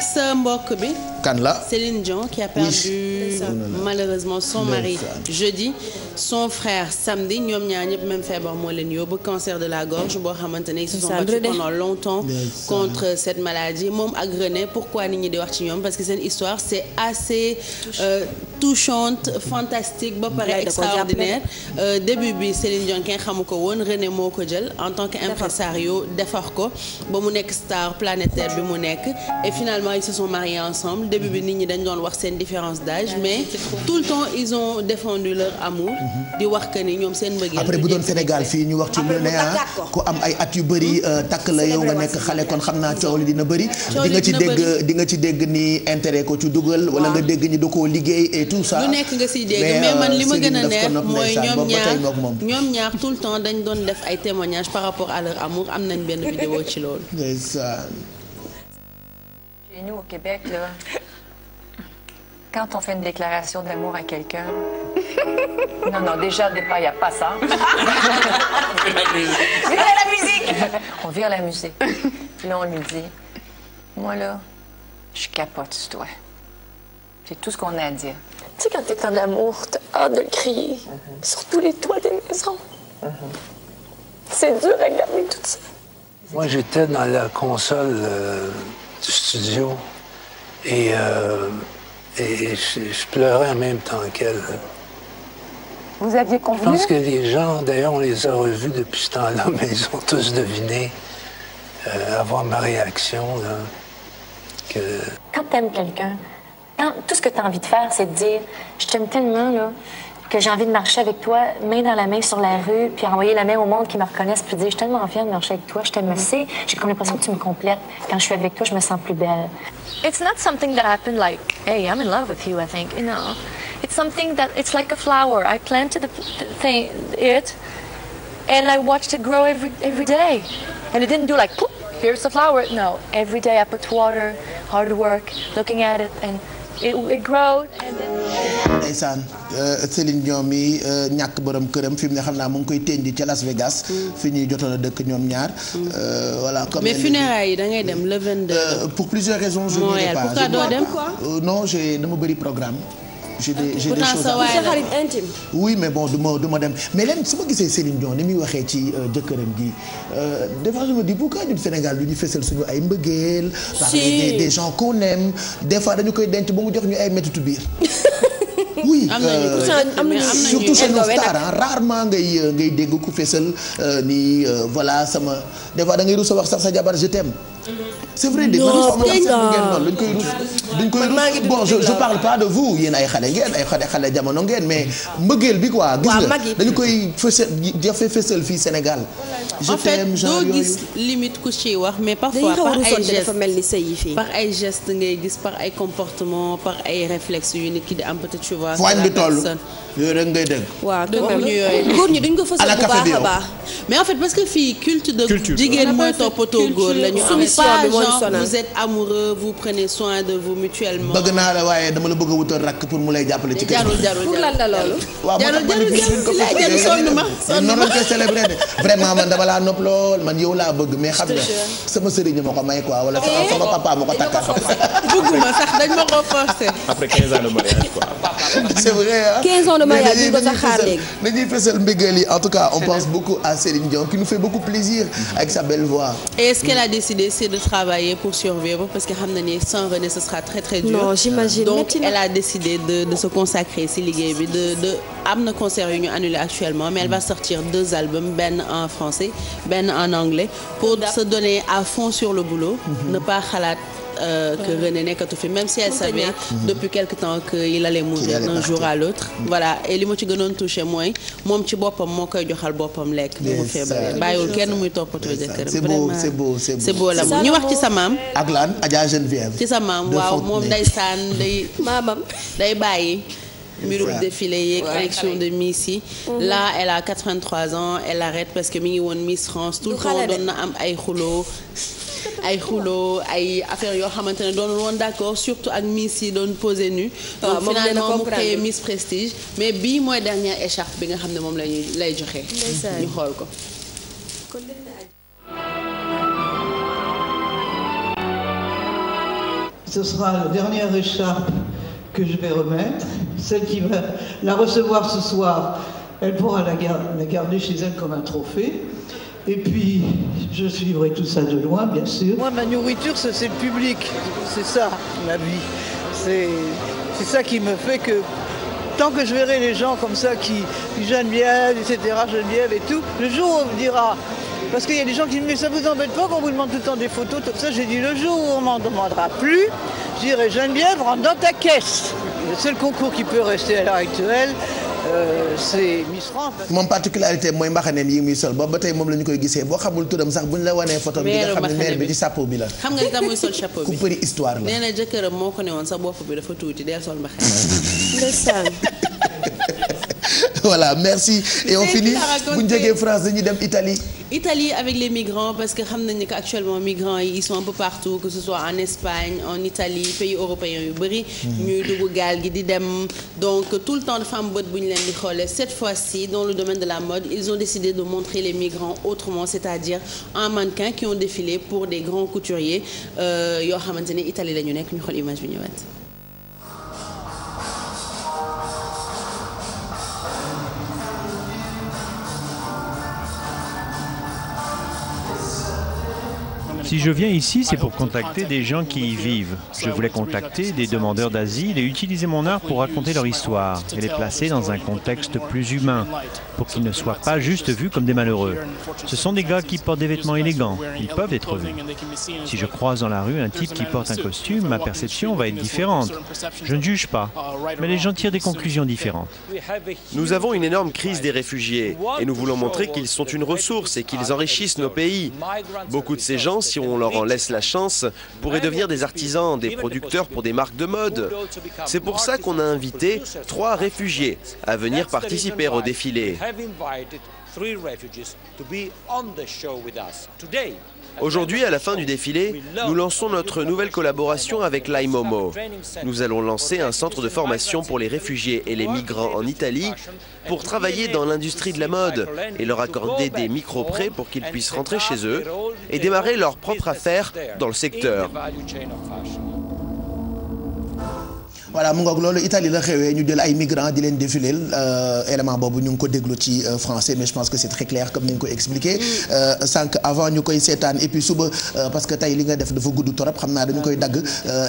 c'est kan la Céline Dion qui a perdu euh, malheureusement son mari jeudi son frère samedi ñoom ñaar ñëpp même feebar moo leen yóbbu cancer de la gorge boo xamante ne ils se sont battus pendant longtemps contre cette maladie moom ak René pourquoi nit ñi di parce que seen histoire c'est assez. Euh, touchante fantastique ba pare extraordinaire euh, début bi Céline Dion xamu ko woon René moo ko jël en tant que impresario defar ko ba mu nekk star planétaire bi mu nekk et finalement ils se sont mariés ensemble début bi nit ñi dañ doon wax seen différence d'âge mais tout le temps ils ont défendu leur amour mhm. di wax que ni ñoom seen mbëggeel après bu doon Sénégal fii ñu wax ci lu ne ah, ku am ay at yu bëri hmm? euh, takk la yow nga nekk xale kon xam naa coow li dina bëri di nga ci dégg di nga ci dégg ni intérêt tout lu nekk nga siy dégg mais man euh, li ma gën a neex mooy ñoom ñaar ñoom ñaar tout le temps dañ doon def ay témoignages par rapport à leur amour am nañu benn vidéo ci loolu. ndeysaan. chez nous Québec là quand on fait une déclaration d'amour à quelqu'un non déjà pas ça. la musique. on vire la musique. puis on lui dit je capote C'est tout ce qu'on a à dire. Tu sais, quand t'es en amour, t'as hâte de crier, mm -hmm. sur tous les toits des maisons. Mm -hmm. C'est dur à garder tout ça. Moi, j'étais dans la console euh, du studio et, euh, et je, pleurais en même temps qu'elle. Vous aviez convenu? Je pense que les gens, d'ailleurs, on les a revus depuis ce temps-là, (laughs) mais ils ont tous deviné euh, avoir ma réaction. Là, que... Quand t'aimes quelqu'un, quand tout ce que tu as envie de faire, c'est de dire Je t'aime tellement là, que j'ai envie de marcher avec toi, main dans la main sur la rue, puis envoyer la main au monde qui me reconnaisse, puis dire Je suis tellement fière de marcher avec toi, je t'aime assez, j'ai comme l'impression que tu me complètes. Quand je suis avec toi, je me sens plus belle. It's not something that happened like Hey, I'm in love with you, I think. You know, it's something that it's like a flower. I planted the thing, it, and I watched it grow every, every day. And it didn't do like, Poop, here's the flower. No, every day I put water, hard work, looking at it, and it it grows. ndeysaan euh, Céline ñoom mi euh, ñàkk borom këram fi mu ne xam naa mu ngi koy di ca Las Vegas. fi ñuy jotoon a dëkk ñoom ñaar. Euh, voilà comme mais yi da dem le 22. pour plusieurs raisons. je n'irai pas pourquoi doo dem quoi. dama bëri programme. j'ai des j'ai des intime. oui mais bon du ma du ma dem mais leen su ma gisee Céline Dion ni muy waxee ci euh, jëkkëram gi euh, des fois je me dis pourquoi ñun Sénégal du ñu fesal suñu ay mbëggeel. si parler des gens qu'on aime des fois dañu koy denc ba mu jox ñu ay méttiitu biir. (laughs) oui am euh, nañu surtout chez nos stars ngay euh, ngay dégg ku fesal euh, ni voilà sama des fois da ngay rus a wax sax sa jabar je t'aime mm-hmm. c'est vrai de man xam nga noonu dañ koy rus dañ koy rus bon je je parle pas de vous yéen ay xale ngeen ay xale xale jamono ngeen mais mm-hmm. mbëggeel bi quoi gis nga dañu koy fesal jafe fesal fii Sénégal je t'aime genre yooyu en ku ci wax mais parfois par ay gestes ngay gis par ay comportements par ay réflexes yu ki di am peut-être tu vois. fu añ bi toll yooyu rek ngay dégg. waaw dëgg yooyu góor ñi duñ ko fësal bu baax a baax. mais en fait parce que fii culture de. culture mooy toppatoo góor la ñu. soumission bi mooy sonal vous êtes amoureux vous prenez soin de vous mutuellement. bëgg naa la waaye dama la bëgg a wutal rakk pour mu lay jàppale ci kër jarul jarul pour lan la loolu. jarul jarul jarul jarul sonn ma sonn ma noonu lañ koy célébré de vraiment man dama laa nopp man yow laa bëgg mais xam nga sama sëriñ ma ko may eh? sama papa ma ko takkal. bëgguma sax dañ ma ko forcer. après 15 ans de mariage quoi. c'est vrai 15 ans le mariage duñ ko sax xaar léegi en tout cas on pense beaucoup à Céline qui nous fait beaucoup plaisir avec sa belle voix et ce qu'elle a décidé c'est de travailler pour survivre parce que xam na ni sans René ce sera très très dur donc elle a décidé de de se consacrer si liggéey bi de de am na concert yu ñu annulé actuellement mais elle va sortir deux albums benn en français benn en anglais pour se donner à fond sur le boulot mhm. ne pas xalaat euh, que nekkatu fi même si elle savait mhm. depuis quelque temps que il allait mourir jour à l'autre mhm. voilà et li ma ci gënoon touché mooy moom ci boppam moo koy joxal boppam lekk bi mu feebaree bàyyiwul kenn muy toppatoo jëkkëram vraiment c'est beau c'est beau la ñu wax ci sa maam ak lan Adja Geneviève ci sa maam waaw moom day saan day maamam day bàyyi mbirum défilé yeeg élection de Miss yi mhm. là elle a 83 ans elle arrête parce que mi ngi woon Miss France tout le temps na am ay xuloo ay xuloo ay affaire yoo xamante ne doonul woon d'accord surtout ak Miss yi doon posé nu donc finalement mu créé Miss Prestige mais bii mooy dernière écharpe bi nga xam ne moom la ñuy lay joxe ñu xool ko que je vais remettre. Celle qui va la recevoir ce soir, elle pourra la garder, la garder chez elle comme un trophée. Et puis, je suivrai tout ça de loin, bien sûr. Moi, ma nourriture, c'est le public. C'est ça, la vie. C'est ça qui me fait que, tant que je verrai les gens comme ça qui, Geneviève, etc., Geneviève et tout, le jour où on me dira, Parce qu'il y a des gens qui disent mais ça vous embête pas qu'on vous demande tout le temps des photos, tout ça. J'ai dit le jour où on m'en demandera plus, je dirais Geneviève, rentre dans ta caisse. Le seul concours qui peut rester à l'heure actuelle. Euh, c'est Miss France. moom particularité mooy mbaxaneem yi muy sol boobu ba tey moom la ñu koy gisee boo xamul turam sax buñ la wanee photo bi nga xam ne maire bi ci chapeau bi la. xam nga li tax muy sol chapeau bi ku bëri histoire la. nee na jëkkëram moo ko ne woon sa bopp bi dafa tuuti del sol mbaxane. (laughs) voilà merci et on finit bu ñu jógee France dañuy dem Italie. Italie avec les migrants parce que xam nañ ne que actuellement migrants yi ils sont un peu partout que ce soit en Espagne en Italie pays européens yu bëri. Mm-hmm. ñuy dugg gaal gi di dem. donc tout le temps dafa am bët bu ñu leen xoolee cette fois-ci dans le domaine de la mode ils ont décidé de montrer les migrants autrement c'est-à-dire en mannequin qui ont défilé pour des grands couturiers euh, yoo xamante ne Italie la ñu nekk ñu xool image bi ñëwaat. Si je viens ici, c'est pour contacter des gens qui y vivent. Je voulais contacter des demandeurs d'asile et utiliser mon art pour raconter leur histoire et les placer dans un contexte plus humain, pour qu'ils ne soient pas juste vus comme des malheureux. Ce sont des gars qui portent des vêtements élégants, ils peuvent être vus. Si je croise dans la rue un type qui porte un costume, ma perception va être différente. Je ne juge pas, mais les gens tirent des on leur en laisse la chance, pourraient devenir des artisans, des producteurs pour des marques de mode. C'est pour ça qu'on a invité trois réfugiés à venir participer au défilé. Aujourd'hui, à la fin du défilé, nous lançons notre nouvelle collaboration avec l'IMOMO. Nous allons lancer un centre de formation pour les réfugiés et les migrants en Italie pour travailler dans l'industrie de la mode et leur accorder des micro pour qu'ils puissent rentrer chez eux et démarrer leur propre affaire dans le secteur. voilà mu ngoog loolu Italie la xewee ñu jël ay migrants di leen défileel euh, élément boobu ñu ngi ko déglu ci euh, français mais je pense que c'est très clair comme ni nga ko expliqué mm. euh, sànq avant ñu koy seetaan et puis suba parce que tey li nga def dafa gudd torop xam naa dañu koy dagg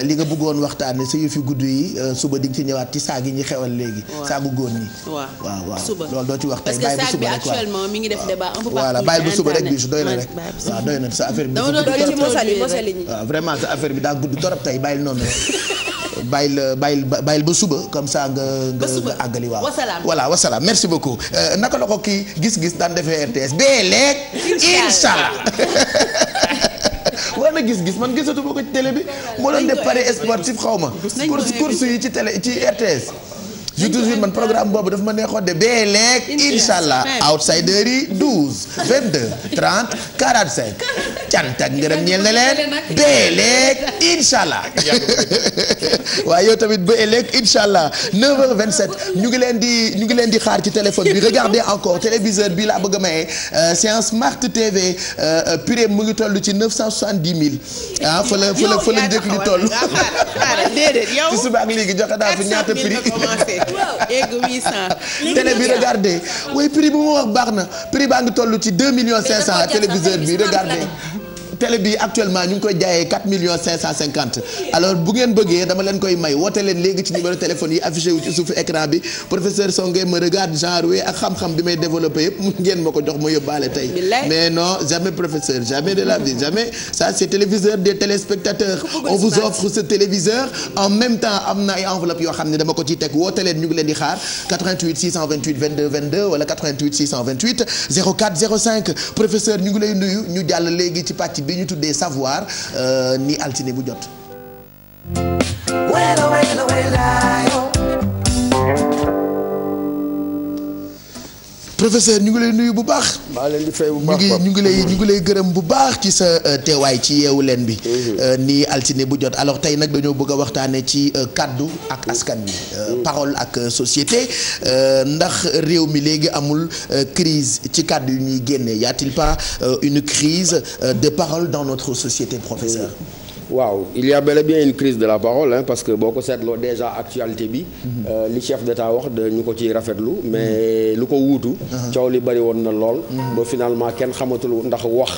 li nga bëggoon waxtaane sa yëf yu gudd yi suba di ñëwaat ci saag yi ñu xewal léegi saagu góor ñi waaw waaw loolu doo ci wax tey bàyyi ba ngi def débat un peu voilà bàyyi ba suba sa affaire bi waaw vraiment sa bi daa gudd torop tey bàyyil noonu rek (laughs) bàyyil bàyyil bàyyil ba suba comme ça nga nga àggali waaw voilà wasalaam merci beaucoup euh, naka la ko kii gis-gis daan defee RTS bee leeg inshallah war na gis-gis man gisatu ma ko ci télé bi moo doon def pari sportif xaw ma course course yi ci télé ci RTS je toujours man programme boobu daf ma neexoon de bee leeg incha allah outsider yi 12 22 30 45 cant ak ngërëm ñeel na leen bee leeg incha allah (laughs) waaye yow tamit bee leeg incha allah 9 h ñu ngi leen di ñu ngi leen di xaar ci téléphone bi regardez encore téléviseur bi laa bëgg a maye c'est un TV purée mu ngi toll ci 970 000 ah fa la fa la fa la njëkk di toll. (laughs) ci suba ak léegi joxe naa fi ñaata prix. waaw egg 800. (laughs) télé bi regardez way prix bu ma wax baax na prix baa ngi toll ci 2 millions 500 téléviseur bi regardez télé bi actuellement ñu ngi koy jaayee 4 millions 550 alors bu ngeen bëggee dama leen koy may woote leen léegi ci numéro téléphone yi affiché wu ci écran bi professeur Songué ma regarde genre wee ak xam-xam bi may développé yëpp ngeen ma ko jox ma yóbbaale tey mais non jamais professeur jamais de la vie jamais ça c'est téléviseur des téléspectateurs on vous offre ce téléviseur en même temps am na ay enveloppe yoo xam ne dama ko ciy teg woote bi ñu tuddee savoir euh, ni altine bu jot. professeur ñu ngi lay nuyu bu baax. maa leen di fay bu baax ngi lay ñu ngi lay gërëm bu baax ci sa euh, teewaay ci yeewu leen bi. Mm-hmm. Euh, nii altine bu jot alors tey nag dañoo bëgg a waxtaanee ci euh, kaddu ak mm-hmm. askan bi mm-hmm. parole ak société ndax réew mi léegi amul crise ci kaddu yu ñuy génne y a-t-il pas une crise de parole dans notre société professeur. waaw il y a bel une crise de la parole parce que boo ko seetloo déjà actualité bi. Mhm. Euh, li chef d'état wax dañu ko ciy rafetlu. mais mhm. lu ko wuutu. Uh-huh. coow li bari woon na lool. Mhm. ba finalement kenn xamatul ndax wax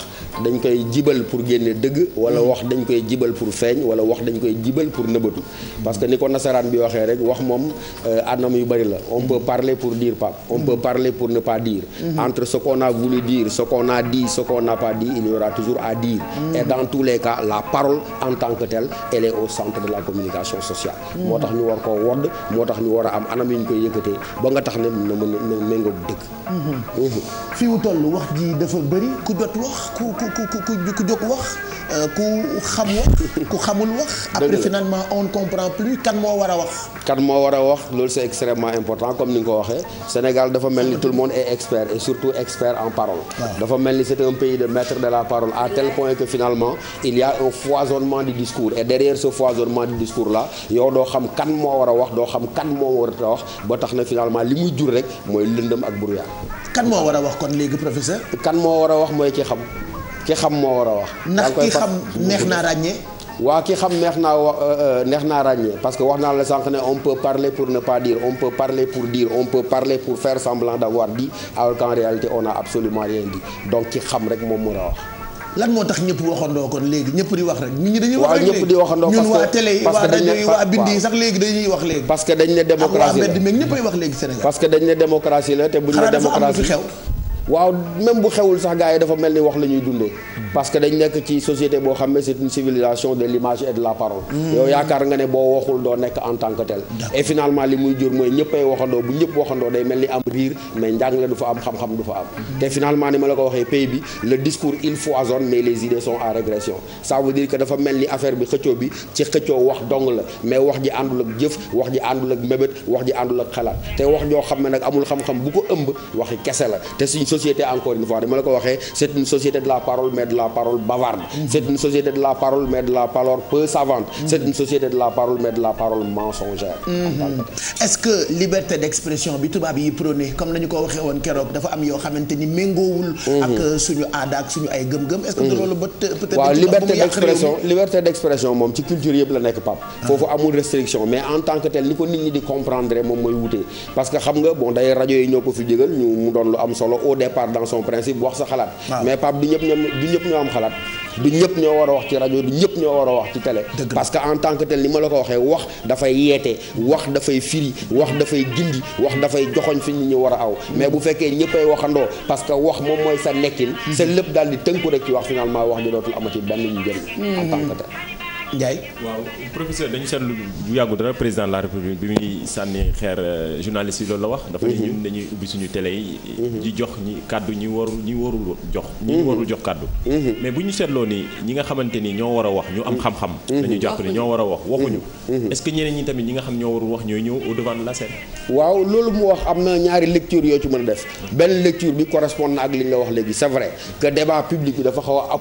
dañ koy jibal pour génne dëgg. wala wax dañ koy jibal pour feeñ wala wax dañ koy jibal pour nëbbatu. parce que ni ko nasaraan bi waxee rek wax moom euh, anam yu bari la on peut parler pour dire pas on peut parler pour ne pas dire. entre ce qu'on a voulu dire a à dire. et en tant que telle elle est au centre de la communication sociale. moo tax ñu war koo wodd moo tax ñu war a am anam yu ñu koy yëkkatee ba nga tax ne na mën a méngoog dëkk. Mm-hmm. Mm-hmm. fi mu toll wax ji dafa bëri ku jot wax ku euh, xam wax ku xamul wax. après finalement on comprend plus kan moo war a wax. kan moo war a wax loolu c'est extrêmement important comme ni nga ko waxee Sénégal dafa mel ni tout le monde est expert et surtout expert en parole. dafa mel ni c'est un pays de maître a foisonnement du discours derrière ce foisonnement du discours là yow doo xam kan moo war a wax doo xam kan moo war a wax ba tax na finalement li muy jur rek mooy lëndëm ak brouillard. kan moo war a wax kon léegi professeur. kan moo war a wax mooy ki xam ki xam moo war a wax. ndax ki xam neex naa ràññee. waa ki xam neex naa wa euh, euh, neex naa ràññee parce que wax naa la sànq ne on peut parler pour ne pas dire on peut parler pour dire on pour faire semblant d'avoir dit alors qu'en réalité on a absolument rien dit donc ki xam a lan moo tax ñëpp waxandoo kon léegi ñëpp di wax rek nit ñi wax rek ñëpp di waxandoo ñun waa télé yi waa bind yi sax léegi dañuy wax léegi parce que dañ ne démocratie la ñëppay wax léegi Sénégal parce que dañ ne démocratie la te buñ ne démocratie xew waaw même bu xewul sax gars yi dafa mel ni wax la ñuy dundee. Hmm. parce que dañ nekk ci société boo xam ne c'est une civilisation de l'image et de la parole. Hmm. yow yaakaar nga ne boo waxul doo nekk en tant que tel. et finalement li muy jur mooy ñëppay waxandoo bu ñëpp waxandoo day mel ni am riir mais njàngale du fa am xam-xam du fa am. Hmm. te finalement ni ma la ko waxee pays bi le discours il foisonne mais les idées sont en régression ça veut dire que dafa mel ni affaire bi xëccoo bi ci xëccoo wax dong la mais wax ji àndul ak jëf wax ji àndul ak mébét wax ji àndul ak xalaat te wax joo xam ne nag amul xam bu ko ëmb waxi kese la société encore une fois dama la ko waxee c'est une société de la parole mais de la parole bavarde mm-hmm. c'est une société de la parole mais de la parole peu savante mm-hmm. c'est société de la parole mais de la parole mensongère mm-hmm. est-ce que liberté d'expression bi tubaab yi prôné comme nañu ko waxee woon keroog dafa am yoo xamante ni méngoowul ak suñu aada suñu ay gëm-gëm est-ce que loolu ba peut-être départ dans son principe wax sa xalaat mais Pape du ñëpp ñoo am xalaat du ñëpp ñoo war a wax ci rajo du ñëpp ñoo war a wax ci télé parce que en tant que tel ni ma la ko waxee wax dafay yeete wax dafay firi wax dafay gindi wax dafay joxoñ fi ñu ñu war a aw mais bu fekkee ñëppay waxandoo parce que wax moom mooy sa nekkin sa lépp daal di tënku rek ci wax finalement wax ji dootul amati benn njëriñ en tant que tel Ndiaye. waaw professeur dañu seetlu bu yàggu dara président de la république bi muy sànni xeer euh, journaliste yi loolu la wax. Mhm. dafa ne ñun mhm. ñi kàddu ñi warul mhm. ni ñi nga xamante ni ñoo war a wax ñu am xam-xam. dañu jàpp ne ñoo war a wax waxuñu. est ñeneen ñi tamit ñi nga xam ñoo warul wax ñooy ñëw au devant la scène. waaw loolu mu wax am na ñaari lecture yoo ci mën a def. benn lecture bi correspond na ak li nga wax léegi c'est vrai que débat public bi dafa xaw a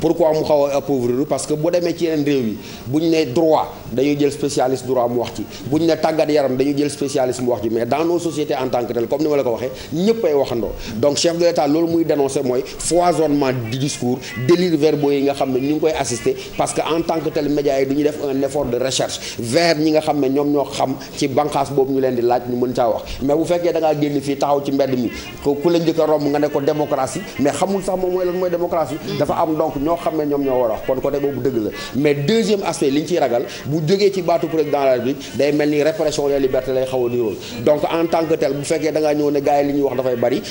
pourquoi mu a yeneen réew yi bu ñu droit dañuy jël spécialiste droit mu wax ci bu ñu tàggat yaram dañuy jël spécialiste mu wax ci mais dans nos sociétés en tant que tel comme ni ma la ko waxee ñëpp waxandoo donc chef de l'État loolu muy dénoncer mooy foisonnement du discours délire verbaux yi nga xam ne ñoom ñoo xam ci bànqaas boobu ñu leen di laaj ñu mën caa wax mais bu fekkee da génn fii taxaw ci mbedd mi ku la njëkk a romb nga ne ko démocratie mais xamul sax moom mooy mais deuxième aspect li ñu ciy ragal bu jógee ci baatu président de la République day mel ni répression des libertés a nirool donc en tant que tel fekkee da ngaa ñëw ne gars yi li ñuy wax dafay bari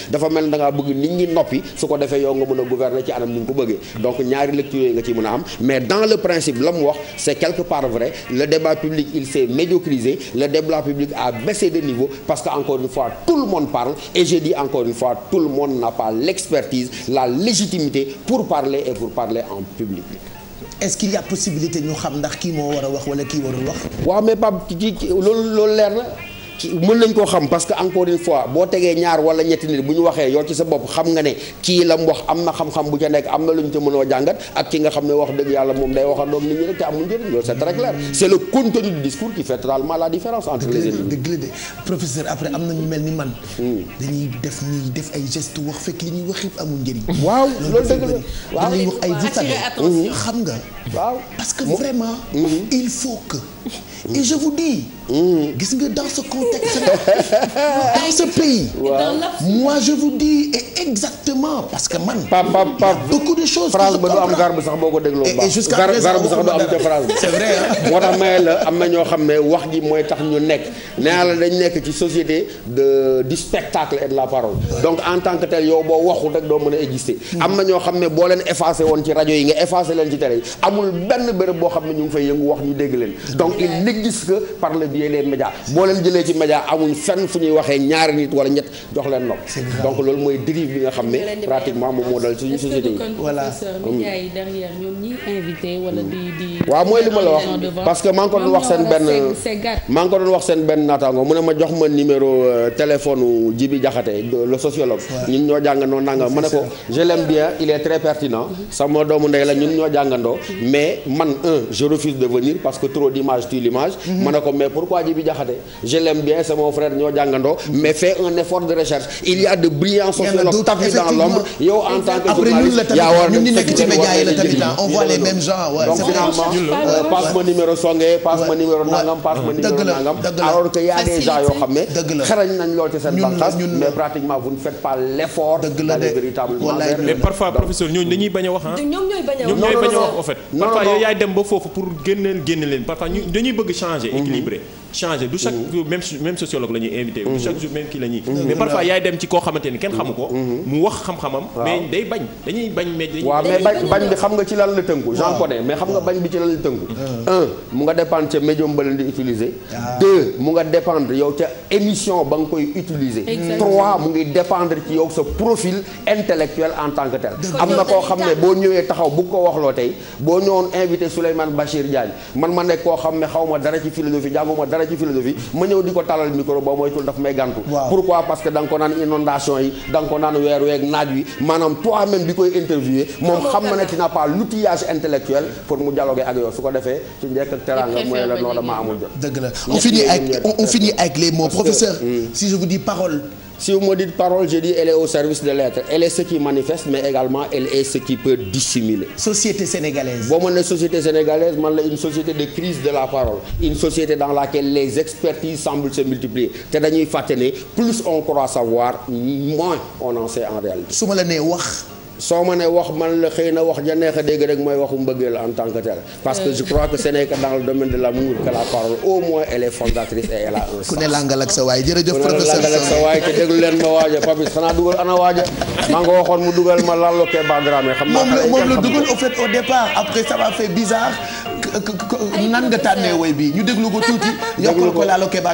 ko defee yow nga mën a gouverner ci anam ni nga ko bëggee donc ñaari lecture a am mais dans le principe la mu wax public il s'est médiocrisé le débat public a baissé de niveau parce que encore une fois tout le monde parle et je dis encore une fois tout le monde n'a pas l'expertise la légitimité pour parler et pour parler en public est-ce qu'il y a possibilité ñu xam ndax kii moo war a wax wala kii warul wax. waaw mais Pape ci loolu loolu leer na. ci mën nañ koo xam parce que encore une fois boo tegee ñaar wala ñetti nit bu ñu waxee yow ci sa bopp xam nga ne kii la mu wax am na xam-xam bu ca nekk am na lu ñu ca mënoo jàngat ak ki nga wax dëgg yàlla moom day wax a doom nit ñi rek te amul njëriñ loolu c'est très clair c'est le na ñu mel ni man hmm. dañuy def ñuy def ay gestes wax fekk li ñuy wax amul njëriñ waaw loolu dëgg waaw dañuy wax ay xam nga waaw hmm. parce que vraiment hmm. il faut que et je vous dis. gis nga dans ce contexte dans ce pays. moi je vous que man. Pape Pape Pape beaucoup de ba du am garab sax boo ko dégloo. et jusqu' à présent sax du am ca phrase. c' moo tax may la am na ñoo xam ne wax ji mooy tax ñu nekk nee la dañ nekk ci société de di spectacle et de la parole. donc en tant que yow boo waxul rek doo mën a exister. am na ñoo xam ne boo leen effacé woon ci rajo yi nga effacé leen ci télé yi amul benn béréb boo xam ne ñu ngi fay yëngu wax ñu dégg leen. donc ils n'existent que par le biais des médias boo leen jëlee ci média amuñ fenn fu ñuy waxee ñaari nit wala ñett jox leen nopp loolu mooy dérive bi nga xam ne pratiquement moom moo dal suñu société yi voilà waaw mooy li wax parce que maa ko doon wax seen benn maa ngi ko doon wax seen benn naataango mu ne ma jox ma numéro euh, téléphone Jibi Jaxate le sociologue ñun ñoo jàngandoo nanga ma ne ko je l'aime bien il est très pertinent mm-hmm. sama doomu ndey la ñun ñoo jàngandoo mm-hmm. mais man un je refuse de venir parce que trop d'image l'image tu ma ne ko mais pourquoi Djibi Diakhaté je l'aime bien c'est mon frère ñoo jàngandoo mais fais un effort de recherche il y a de brillants sociologues tapis dans l'ombre yow en tant que journaliste yaa war euh, numéro songé passe numéro nangam passe numéro nangam alors que y a yoo xam ne xarañ nañ lool ci seen bantas mais pratiquement vous ne pas l'effort d'aller véritablement mais parfois professeur ñooñu dañuy bañ a wax ah ñoom ñooy bañ a wax en fait dañuy bëgg changer mhm. équilibré changé du chaque mm-hmm. jour même même sociologue la ñuy invité. du mm-hmm. chaque jour même kii la mm-hmm. mais parfois yaay dem ci koo xamante kenn xamu ko. mu wax xam-xamam. mais day bañ dañuy bañ mais. dañuy bañ bi ci lan la tënku. j'en ah. connais mais xam nga bañ bi ci lan la tënku. Ah. mu nga dépendre ca médium ba leen utiliser. Ah. deux mu nga dépendre yow ca émission ba nga koy utiliser. trois mu ngi dépendre ci yow sa profil intellectuel en tant que tel. am na koo xam ne boo ñëwee taxaw bu ko loo tey boo ñëwoon invité Souleymane Bachir Diagne man ma nekk koo xam ne xaw ma dara dara ci ko naan weer weeg naaj wi maanaam toi même bi koy interviewé moom xam ne tu n'as pas intellectuel pour mu dialoguer ak yow su ko defee ci njëkk ak teraanga mooy la noo dama amul jot dëgg la on finit avec on finit avec les mots professeur hmm. si je vous dis parole si vous me dites parole je dis elle est au service de l'être elle est ce qui manifeste mais également elle est ce qui peut dissimuler. société sénégalaise. boo mën man la une société de crise de la parole une société dans laquelle les expertises semblent se multiplier te dañuy fàtte ne plus on croit savoir moins on en sait en réalité. su la nee wax. soo ma ne wax man la xëy na wax ja neex a dégg rek mooy waxu mbëggee la en tant que tel parce que je crois que ce n'est que dans le domaine de l'amour que parole au moins elle est et elle a un ku ne langal ak sa waay jërëjëf professeur ku ne te déglu leen ma waaja Papis xanaa dugal ana waaja maa ngi waxoon mu dugal ma Lalo Keba Dramé xam naa xale moom la dugal au fait au départ après ça m'a fait bizarre nan nga tànnee woy bi ñu déglu ko tuuti (laughs) yokkal ko Lalo Keba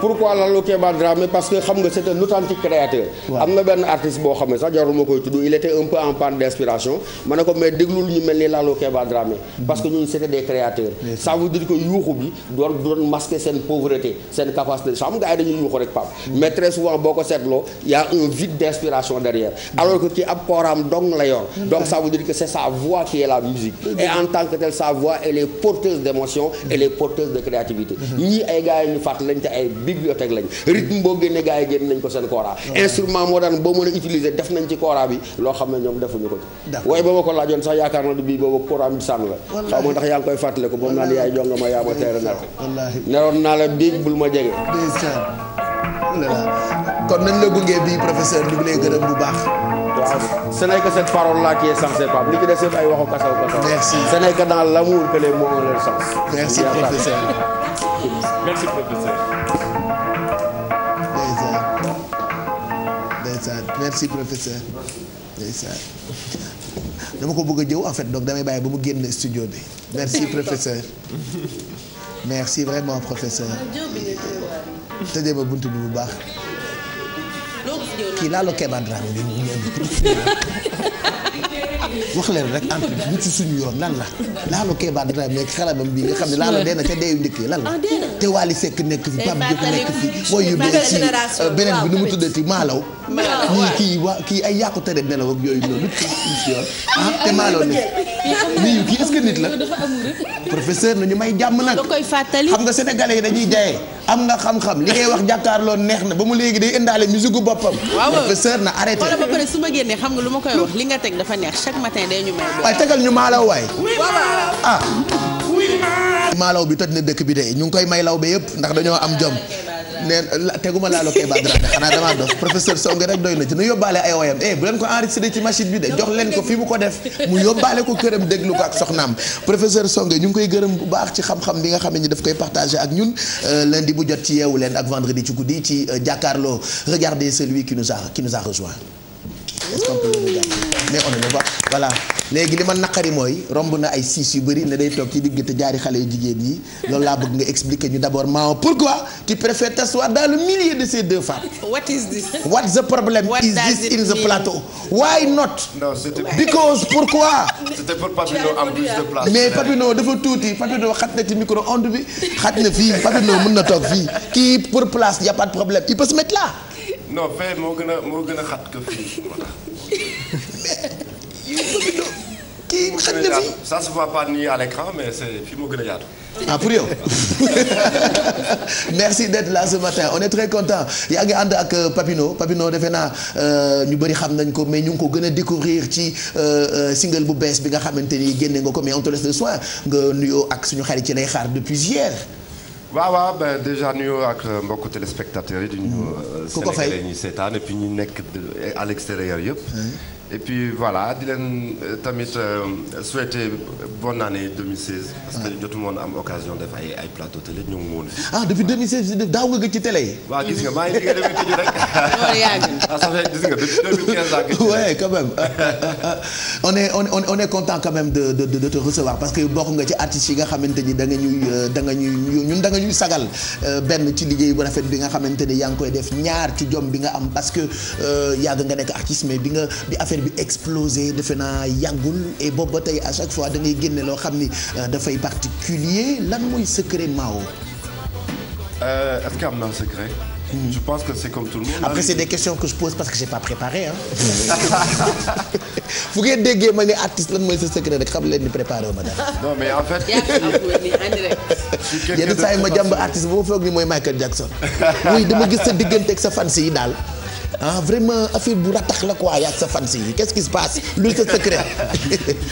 pourquoi Lalo Kéba Dramé parce que xam nga c'est un authentique créateur am na benn artiste boo xam ne sax jarul ma koy tudd il était un peu en panne d'inspiration ma ne ko mais déglul ñu mel ni Lalo Kéba Dramé parce que ñun c'était des créateurs ça veut dire que yuuxu bi doon doon masquer seen pauvreté seen capacité xam nga ay dañuy yuuxu rek pap mm. mais très souvent boo ko seetloo mm. mm. sa voix qui est la musique et en tant que telle sa voix elle est bibliothèque lañ rythme boo génne gars yi génn nañ ko seen kora instrument moo daan boo mën a utiliser def nañ ci kora bi loo xam ne ñoom defuñu ko ci waaye ba ma ko laajoon sax yaakaar na du bii boobu kora bi sànn la xaw ma ndax yaa ngi koy fàttale ko moom naan yaay jonga ma yaa teera nar neroon naa la biig bul ma jege kon nañ la gungee bii professeur ñu ngi lay gërëm bu baax waaw ce parole là qui est censée li ci des yëpp ay waxu kasaw kasaw. merci ce n'est que dans merci professeur ndeysaan ko bëgg a jëw en fait donc damay bàyyi ba mu génn studio bi merci professeur merci vraiment professeur tëjee ba bunt bi bu baax kii laa lo keebaan raam bi (laughs) wax leen rek entre bi ci suñu yoon lan la laalo Kéba dina nekk xalamam bi nga xam ne laalo dee na ca deeyu njëkkee lan la ah, te Wally Seck nekk fi Pape Diouf nekk fi wooy yu bees euh, beneen bi nu mu tuddati maalaw ñii kii wa kii ay yàqu tere nelaw ak yooyu noonu ci (laughs) yoon ah te maalaw ne nii kii est-ce que nit la professeur nañu may jàmm nag xam nga sénégalais yi dañuy jaye am nga xam-xam li ngay wax jàkkaarloo neex na ba mu léegi day indaale musique gu boppam. waaw professeur na arrêté. wala ba pare su ma génnee xam nga lu ma koy wax li nga teg dafa neex chaque matin day ñu may. waaye tegal ñu maalaw waay. ah. maalaw bi toj na dëkk bi de ñu ngi koy may law ba yëpp ndax dañoo am jom. Ah, nee teguma laalo Keba Dramé xanaa damaa dof professeur Songe rek doy na ci na yóbbaale ay woyam eh bu leen ko enregistré ci machine bi de jox leen ko fi mu ko def mu yóbbaale ko këram déglu ko ak soxnaam professeur Songe ñu ngi koy gërëm bu baax ci xam-xam bi nga xam ne daf koy partagé ak ñun euh, lundi bu jot ci yeewu leen ak vendredi ci guddi ci euh, jàkkaarloo regardez celui qui nous a qui nous a rejoint est-ce qu'on peut le regarder mais on ne le léegi li ma naqari mooy romb na ay siis yu bëri ne day toog ci diggante jaari xale yu jigéen yi loolu laa bëgg nga expliquer ñu d'abord maman pourquoi tu préfères t'asseoir dans le milieu de ces deux femmes. what is this. what's the problem. What is this in the mean? plateau. why not. non c'était because pourquoi. mais Papino dafa tuuti Papino xat na ci micro onde bi xat na fii Papino mën na toog fii kii pour place y a pas de problème il peut se mettre là. non fee moo gën a moo a xat que fii moo tax. kii xat na fii ça se voit nii à l'écran mais c'est fii moo gën a yaatu. ah pour yow (laughs) merci d'être là ce matin on est très content yaa ngi ànd ak euh, Papino Papino defe naa euh, ñu bëri xam nañ ko mais ñu ngi ko gën a découvrir ci euh, single bu bees bi nga xamante ni génne nga ko mais on te le soin nga nuyoo ak suñu xarit ci lay xaar depuis hier. waawaa waaw ba déjà nuyoo ak euh, mbokku téléspectateurs yi. di nuyu euh, Sénégalais ñi seetaan et puis ñi nekk à yëpp. et voilà di leen euh, tamit euh, souhaiter bonne année 2016. parce que jotu woon am occasion def ay ay plateau télé ñu ngi ah depuis 2016 daaw nga gëj ci télé yi. waaw gis nga maa (laughs) ah, (laughs) on est on est on est content quand même de de de te recevoir parce que bokk nga ci artistes yi nga xamante ni da danga ñuy euh, da ñun da nga ñuy sagal benn ci liggéey bu rafet bi nga xamante ni yaa ngi koy def ñaar ci jom bi nga am parce que yàgg nga nekk artiste mais bi nga bi affaire affaire bi explosé defe naa yàggul et boobu ba tey à chaque fois da ngay génne loo xam ni euh, dafay particulier lan mooy secret Mao. Euh, est-ce qu'il y a un hmm. Après c'est des questions que je pose parce que j'ai pas préparé hein. (laughs) ngeen déggee ma ne artiste lan mooy sa secret rek xam leen ni préparé wu ma dara. en fait. yenn saa yi ma jàmb artiste ba ma foog ni mooy Michael Jackson. oui dama gis sa diggante ak sa fans yi daal. ah vraiment affaire bu ratax la quoi yaa sa fans yi qu'est-ce qui se passe lu sa secret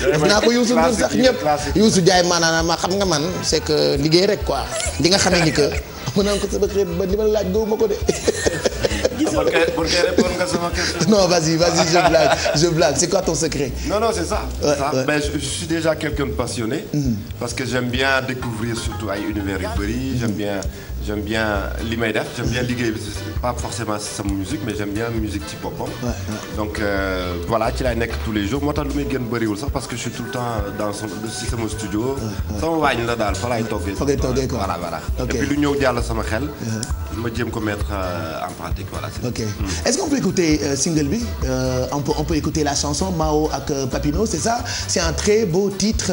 def (laughs) naa ko Youssou Ndour sax ñëpp Youssou Ndiaye maanaam ma xam nga man c'est que liggéey rek quoi li nga xamee ni que (laughs) mën naa ko sa secret ba li ma laaj gëw ma ko de (laughs) gisoo pour que non vas-y je blague je blague c'est quoi ton secret. non non c'est ça. Ouais, je, suis déjà quelqu'un de passionné. Mm. parce que j'aime bien découvrir surtout ay univers j'aime bien. j'aime bien li may def j'aime bien liggéey bi pas forcément si sama musique mais j'aime bien musique ci donc euh, voilà ci nekk tous les jours moo tax lu muy gën bëriwul sax parce que je suis tout le temps dans son si sama studio sama waañ la daal fa laay toggee fa ngay toggee quoi voilà voilà et puis lu ñëw jàll sama xel ma ko mettre euh, en pratique voilà ok hmm. est-ce qu'on peut écouter euh, bi on peut on peut écouter la chanson Mao ak Papino c'est ça c'est un très beau titre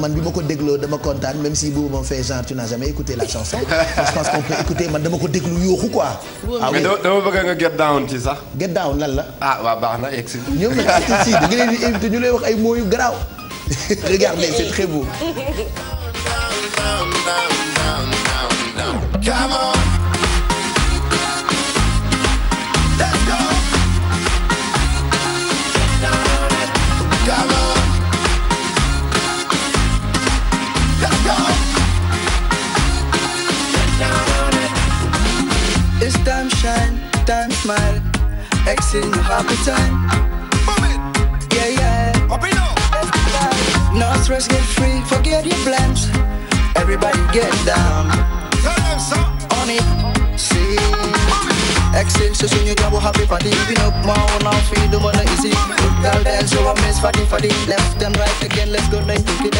man bi ma ko dégloo dama kontaan même si boobu ma fait genre tu n'as (laughs) on peut écouter man dama ko déglu yooxu quoi. ah mais dama bëgg nga get down ci sax. get down lan la. ah waaw baax na egg si. ñoom nag artistes yi da nga leen di invité ñu lay wax ay mots yu garaaw. regardez c'est très beau. Come on. smile, exceeding half the time. Yeah, yeah. Up up. No stress, get free, forget your plans. Everybody get down. On it, see. Excel, so soon you can go happy party. Even up my own outfit, do wanna easy. Good girl dance, so I miss fatty fatty. Left and right again, let's go night to get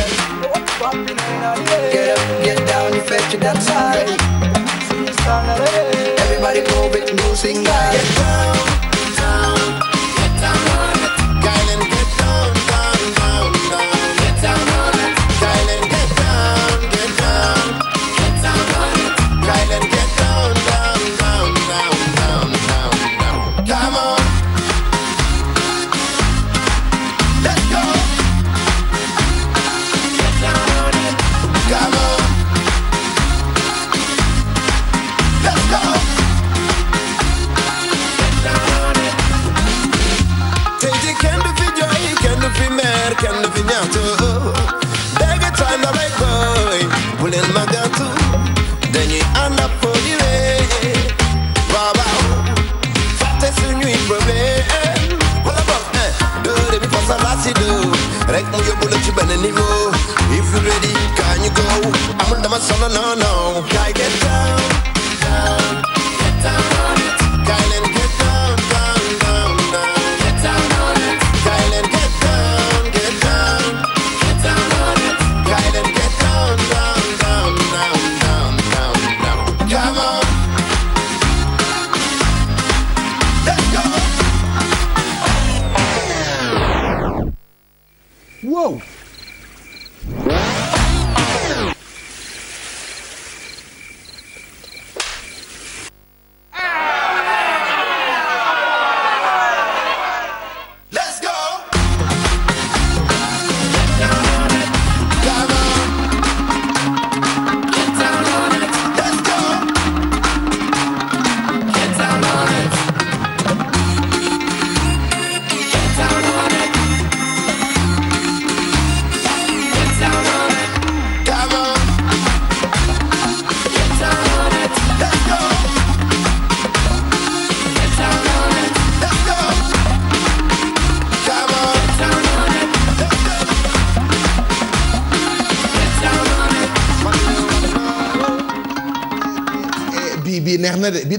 Get up, get down, you fetch it outside. sing a song. Everybody go with music, get down, down. you ready? Can you go? amul dama solo no no.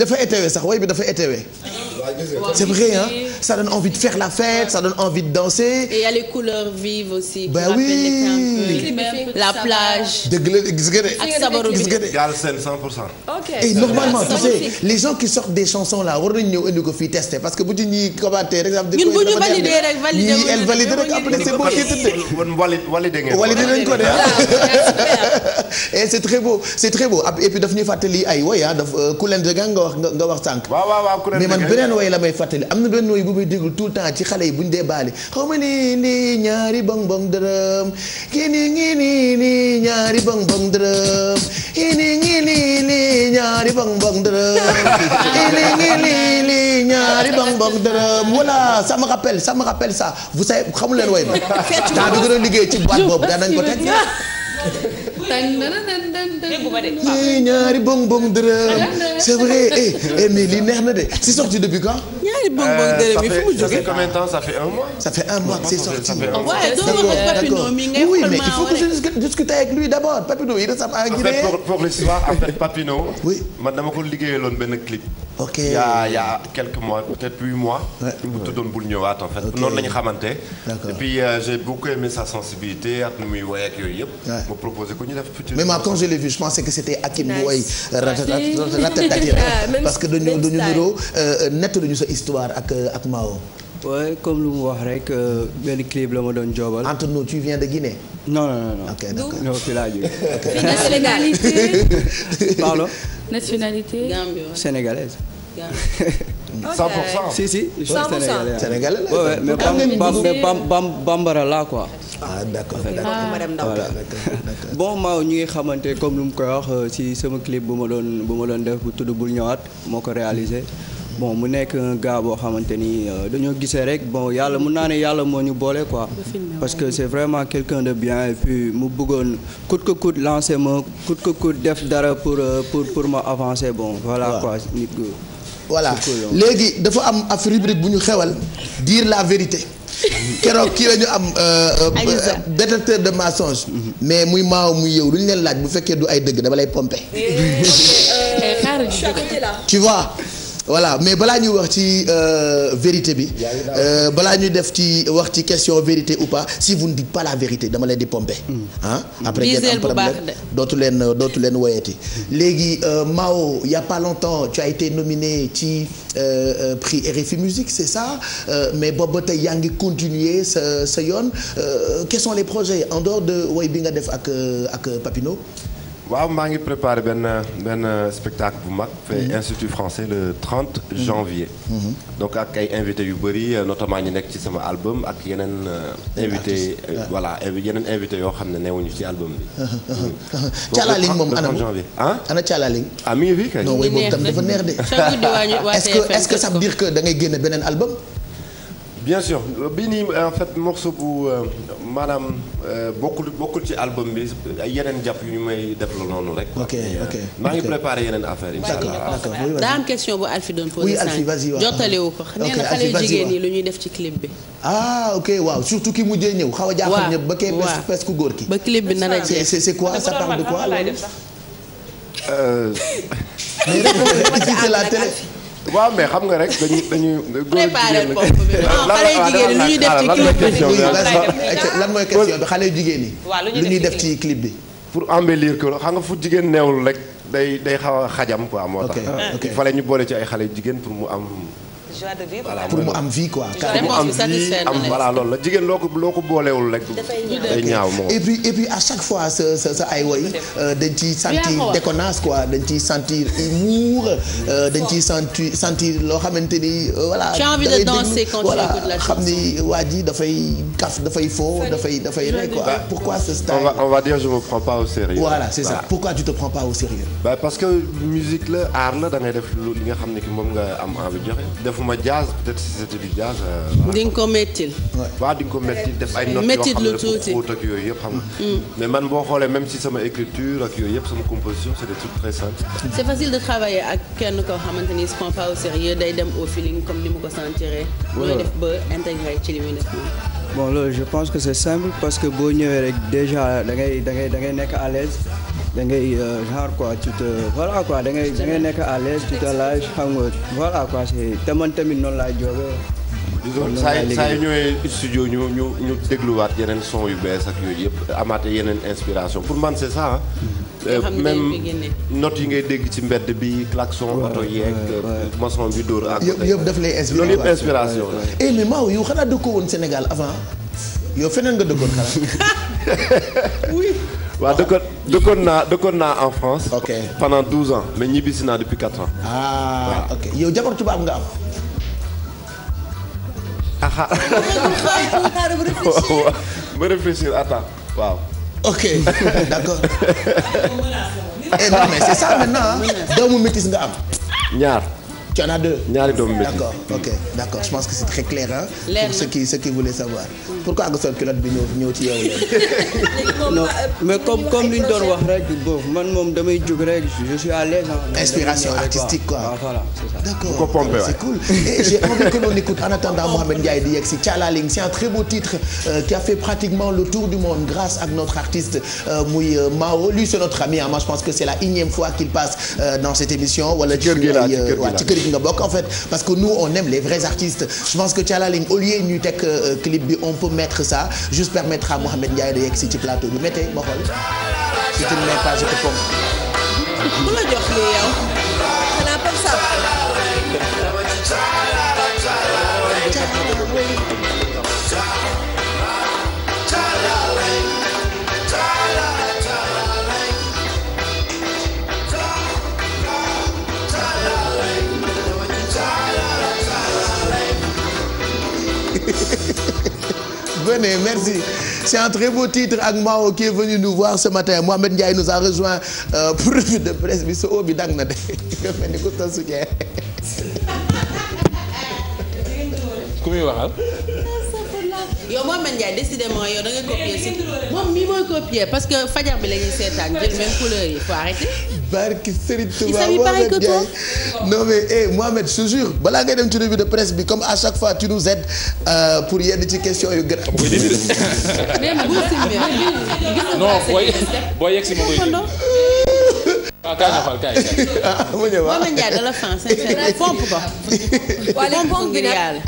dafa étéwee sax way bi dafa étéwee. c'est vrai hein ça donne envie de faire la fête ça donne envie de danser. et y a les couleurs vives aussi. Bah oui la plage. de. ak sabaru bi normalement tu sais les gens qui sortent des chansons là war nañu ñëw indi ko fii tester parce que bu ci ñuy commenter rek. ñun bu ñu valider rek valider ñii elle valide rek après c'est bon. wali wali dégg ngeen ko wali dinañ ko de. et eh, c'est très beau c'est très beau et daf ñuy fàttali ay woy ah, daf euh, ku leen dëgg nga wax nga wax sànq. waaw waaw man beneen woy la may fàttali am na benn woy bu muy déglu tout le temps ci xale yi bu dee baali xaw ma ni ñaari bong bong dërëm kii ñaari bong bong dërëm ñaari bong bong dërëm kii ni ngi ni ni ñaari bong bong dërëm voilà leen woy (laughs) temps bi gën a liggéey ci boîte boobu daan ko teg yii ñaari bong bong dërëm c'est eh, eh, lii neex na de si sorti depuis quand. ñaari bong bong dërëm yi fu mu jógee euh, ça fait combien de temps ça un mois. ça sorti. waaye doo ma ko Papino mi oui mais il faut que je discute avec lui d'abord Papino il ressemble à un Guinéen. Papino. oui man dama ko liggéeyaloon benn clip. ok il y a il y a quelques mois peut-être huit mois. bu tuddoon bul ñëwaat en fait. ok noonu la ñu xamante. et puis euh, j'ai beaucoup aimé sa sensibilité ak nu muy woy ak yooyu yëpp. ma proposé ko ñu def futur. mais moi quand je l'ai vu je pensais que c'était Hakim bu woy ratatati parce que dañu dañu niroo euh, nettaluñu sa histoire ak euh, ak Mao. oui comme lu mu wax rek benn clip la ma doon joobal. entre nous tu viens de Guinée. non non non non. ok d'accord non fii laa jógee. ok nationalité. (laughs) pardon. nationalité. Sénégalaise. 100 (laughs) pour cent si si. 100 la. Ouais, mais bam, bambara laa quoi. ah d'accord voilà (laughs) bon maaw ñi nga xamante comme lu mu koy wax euh, si sama clip bu ma doon ma doon def bu tudd bul ñëwaat moo ko réalisé. bon mu nekk un gars boo xamante ni euh, dañoo gisee rek bon yàlla mun naa ne yàlla moo ñu boole quoi. parce que c'est vraiment quelqu'un de bien et puis mu bëggoon coûte que coûte lancer ma coûte que coûte def dara pour euh, pour pour ma avancer bon. voilà quoi nit voilà léegi dafa am af rubrique bu ñu xewal diir la vérité (laughs) keroog kii la ñu am euh, euh, euh, détecteur de mensonge mhm. mais muy maaw mu yow lu ñu leen laaj bu fekkee du ay dëgg dama lay pomper eh, eh, eh, tu voilà mais balaa ñuy wax ci euh, vérité bi euh, balaa ñuy def ci wax ci question vérité ou pas si vous ne dites pas la vérité dama leen di pomper ah après ngeen am problème dootu leen dootu leen woyati hmm. léegi euh, Mao y a pas longtemps tu as été nominé ci prix RFI Musique c'est ça mais boobu ba tey yaa ngi continuer sa sa yoon quels sont les projets en dehors de woy bi nga def ak ak Papino waaw maa ngi préparé benn benn spectacle bu mag fee mhm. Institut français le 30 mhm. janvier mhm. donc ak ay invité yu bëri notamment ñi nekk ci sama album ak yeneen euh, invité euh, voilà yeneen invité yoo xam ne newuñu ci album bi Thialaling (laughs) moom ana janvier ah ana Thialaling kay non way boobu tam dafa neex de (laughs) est-ce que est-ce dire que da ngay génne beneen album bien sûr bii nii en fait morceau bu euh, maanaam euh, bokkul bokkul ci album bi yeneen jàpp yu ñu may def la noonu rek. ok euh, ok maa ngi préparé yeneen affaire incha allah. daa am question bu Alfie doon posé. oui ko. nee ñuy def ci clip bi. ah ok waaw surtout ki mujjee ñëw xaw a jaaxal ñëpp. ba kee pes ku góor ki. ba clip bi na a jeex c'est c'est quoi ça parle (laughs) waaw mais xam nga rek dañuy dañuy. préparé bopp bi xale jigéen ñi lu ñuy def ci clip bi lan mooy question bi xale jigéen ñi. waaw lu ñuy def ci clip bi. pour embellir ko xam nga fu jigéen neewul rek day day xaw a xajam quoi moo tax. ok fale ñu boole ci ay xale jigéen pour mu am. joie de vivre. pour mu am vie quoi. pour mu am vie am voilà loolu la jigéen loo ko loo ko boolewul rek. dafay ñaaw moom et puis et puis à chaque fois sa sa sa ay woy euh, dañ ciy sentir déconnance quoi dañ ciy sentir humour euh, dañ ciy sentir sentir loo xamante ni euh, voilà. tu as envie de danser quand tu écoutes la chanson voilà xam ni waa ji dafay kaf dafay faux dafay dafay rek quoi pourquoi ce style. on va on va dire je me prends pas au sérieux. voilà c'est ça pourquoi tu te prends pas au sérieux. parce que musique la aar la da ngay def lu li nga xam ne moom nga am envie joxe defuma ma jazz peut-être si c'était du jazz. Euh, di nga ko méttil. waaw di nga ko méttil def ay notes yoo xam ne dafa xóot ak yooyu yëpp xam nga. Mm. mais man boo xoolee même si sama écriture ak yooyu yëpp sama composition c'est des trucs très simples. c'est facile de travailler ak kenn koo xamante ni il se prend pas au sérieux day dem au feeling comme ni mu ko sentiree. voilà def ba intégré ci li muy def bon loolu je pense que c'est simple parce que boo ñëwee rek déjà da ngay da ngay da ngay nekk à l'aise da ngay genre quoi tu te voilà quoi da ngay da nekk à l'aise tu te lâches xam nga voilà quoi c'est te man tamit noonu laay jógee. noonu laay liggéey saa yu ñëwee studio ñu ñu ñu dégluwaat yeneen son yu bees ak yooyu yëpp amaate yeneen inspiration pour man c'est ça euh, même notes yi ngay dégg ci mbedd bi klaxon oto yeeg euh, maçon bi dóor ak yëpp yëpp daf lay inspiration loolu yëpp inspiration la eh mais Maaw yow xanaa dëkkoo woon Sénégal avant yow feneen nga dëkkoon xanaa (laughs) waa dëkkoon dëkkoon naa dëkkoon naa en France. ok pendant 12 ans mais ñibbisi naa depuis 4 ans. ah ok yow jabar tubaab nga am. aha. Ah. (laughs) (laughs) ma réfléchir attends waaw. ok d'accord. eh non mais c'est ça maintenant doomu métis nga am. ñaar. tu en as deux. ñaari doomu métier d'accord ok d'accord je pense que c'est très clair hein. pour ceux qui ceux qui voulaient savoir. pourquoi nga sol culotte bi ñëw ñëw ci yow la. (laughs) non euh, mais comme comme li ñu doon wax rek boobu man moom damay jug rek je suis à l'aise. inspiration artistique quoi ah voilà c'est ça. d'accord ko pompé waay c'est cool et j'ai envie que l'on écoute en attendant Mohamed Ndiaye di yegg si Thialaling c'est un très beau titre euh, qui a fait pratiquement le tour du monde grâce ak notre artiste euh, muy Mao lui c'est notre ami ah moi je pense que c'est la énième fois qu'il passe dans cette émission wala ci kër gi la ci kër gi la musique nga bokk en fait parce que nous on aime les vrais artistes je pense que Thiala Ling au lieu ñu teg euh, clip bi on peut mettre ça juste permettre à Mouhamed Ndiaye de yegg plateau bi mettez ma si tu ne mets pas je te pompe. venez merci c'est un très beau titre ak Mao qui est venu nous voir ce matin Mohamed Ndiaye nous a rejoint euh, pour de presse bi sa o oh, bi dang na de nga (laughs) mel ni ku sa suñu ku muy décidément yow da nga si moom mii mooy copier parce que fajar bi la ñuy seetaan jël même yi faut arrêter. barki Serigne Touba Mohamed Ndiaye non mais eh Mohamed je te jure balaa ngay dem ci revue de presse bi comme à chaque fois tu nous aides euh, pour yenn ci question yu gën (laughs) a. non waaw ah, kaay na xool kaay kaay. dala fan sincèrement fomp ko. wala fomp bi nag.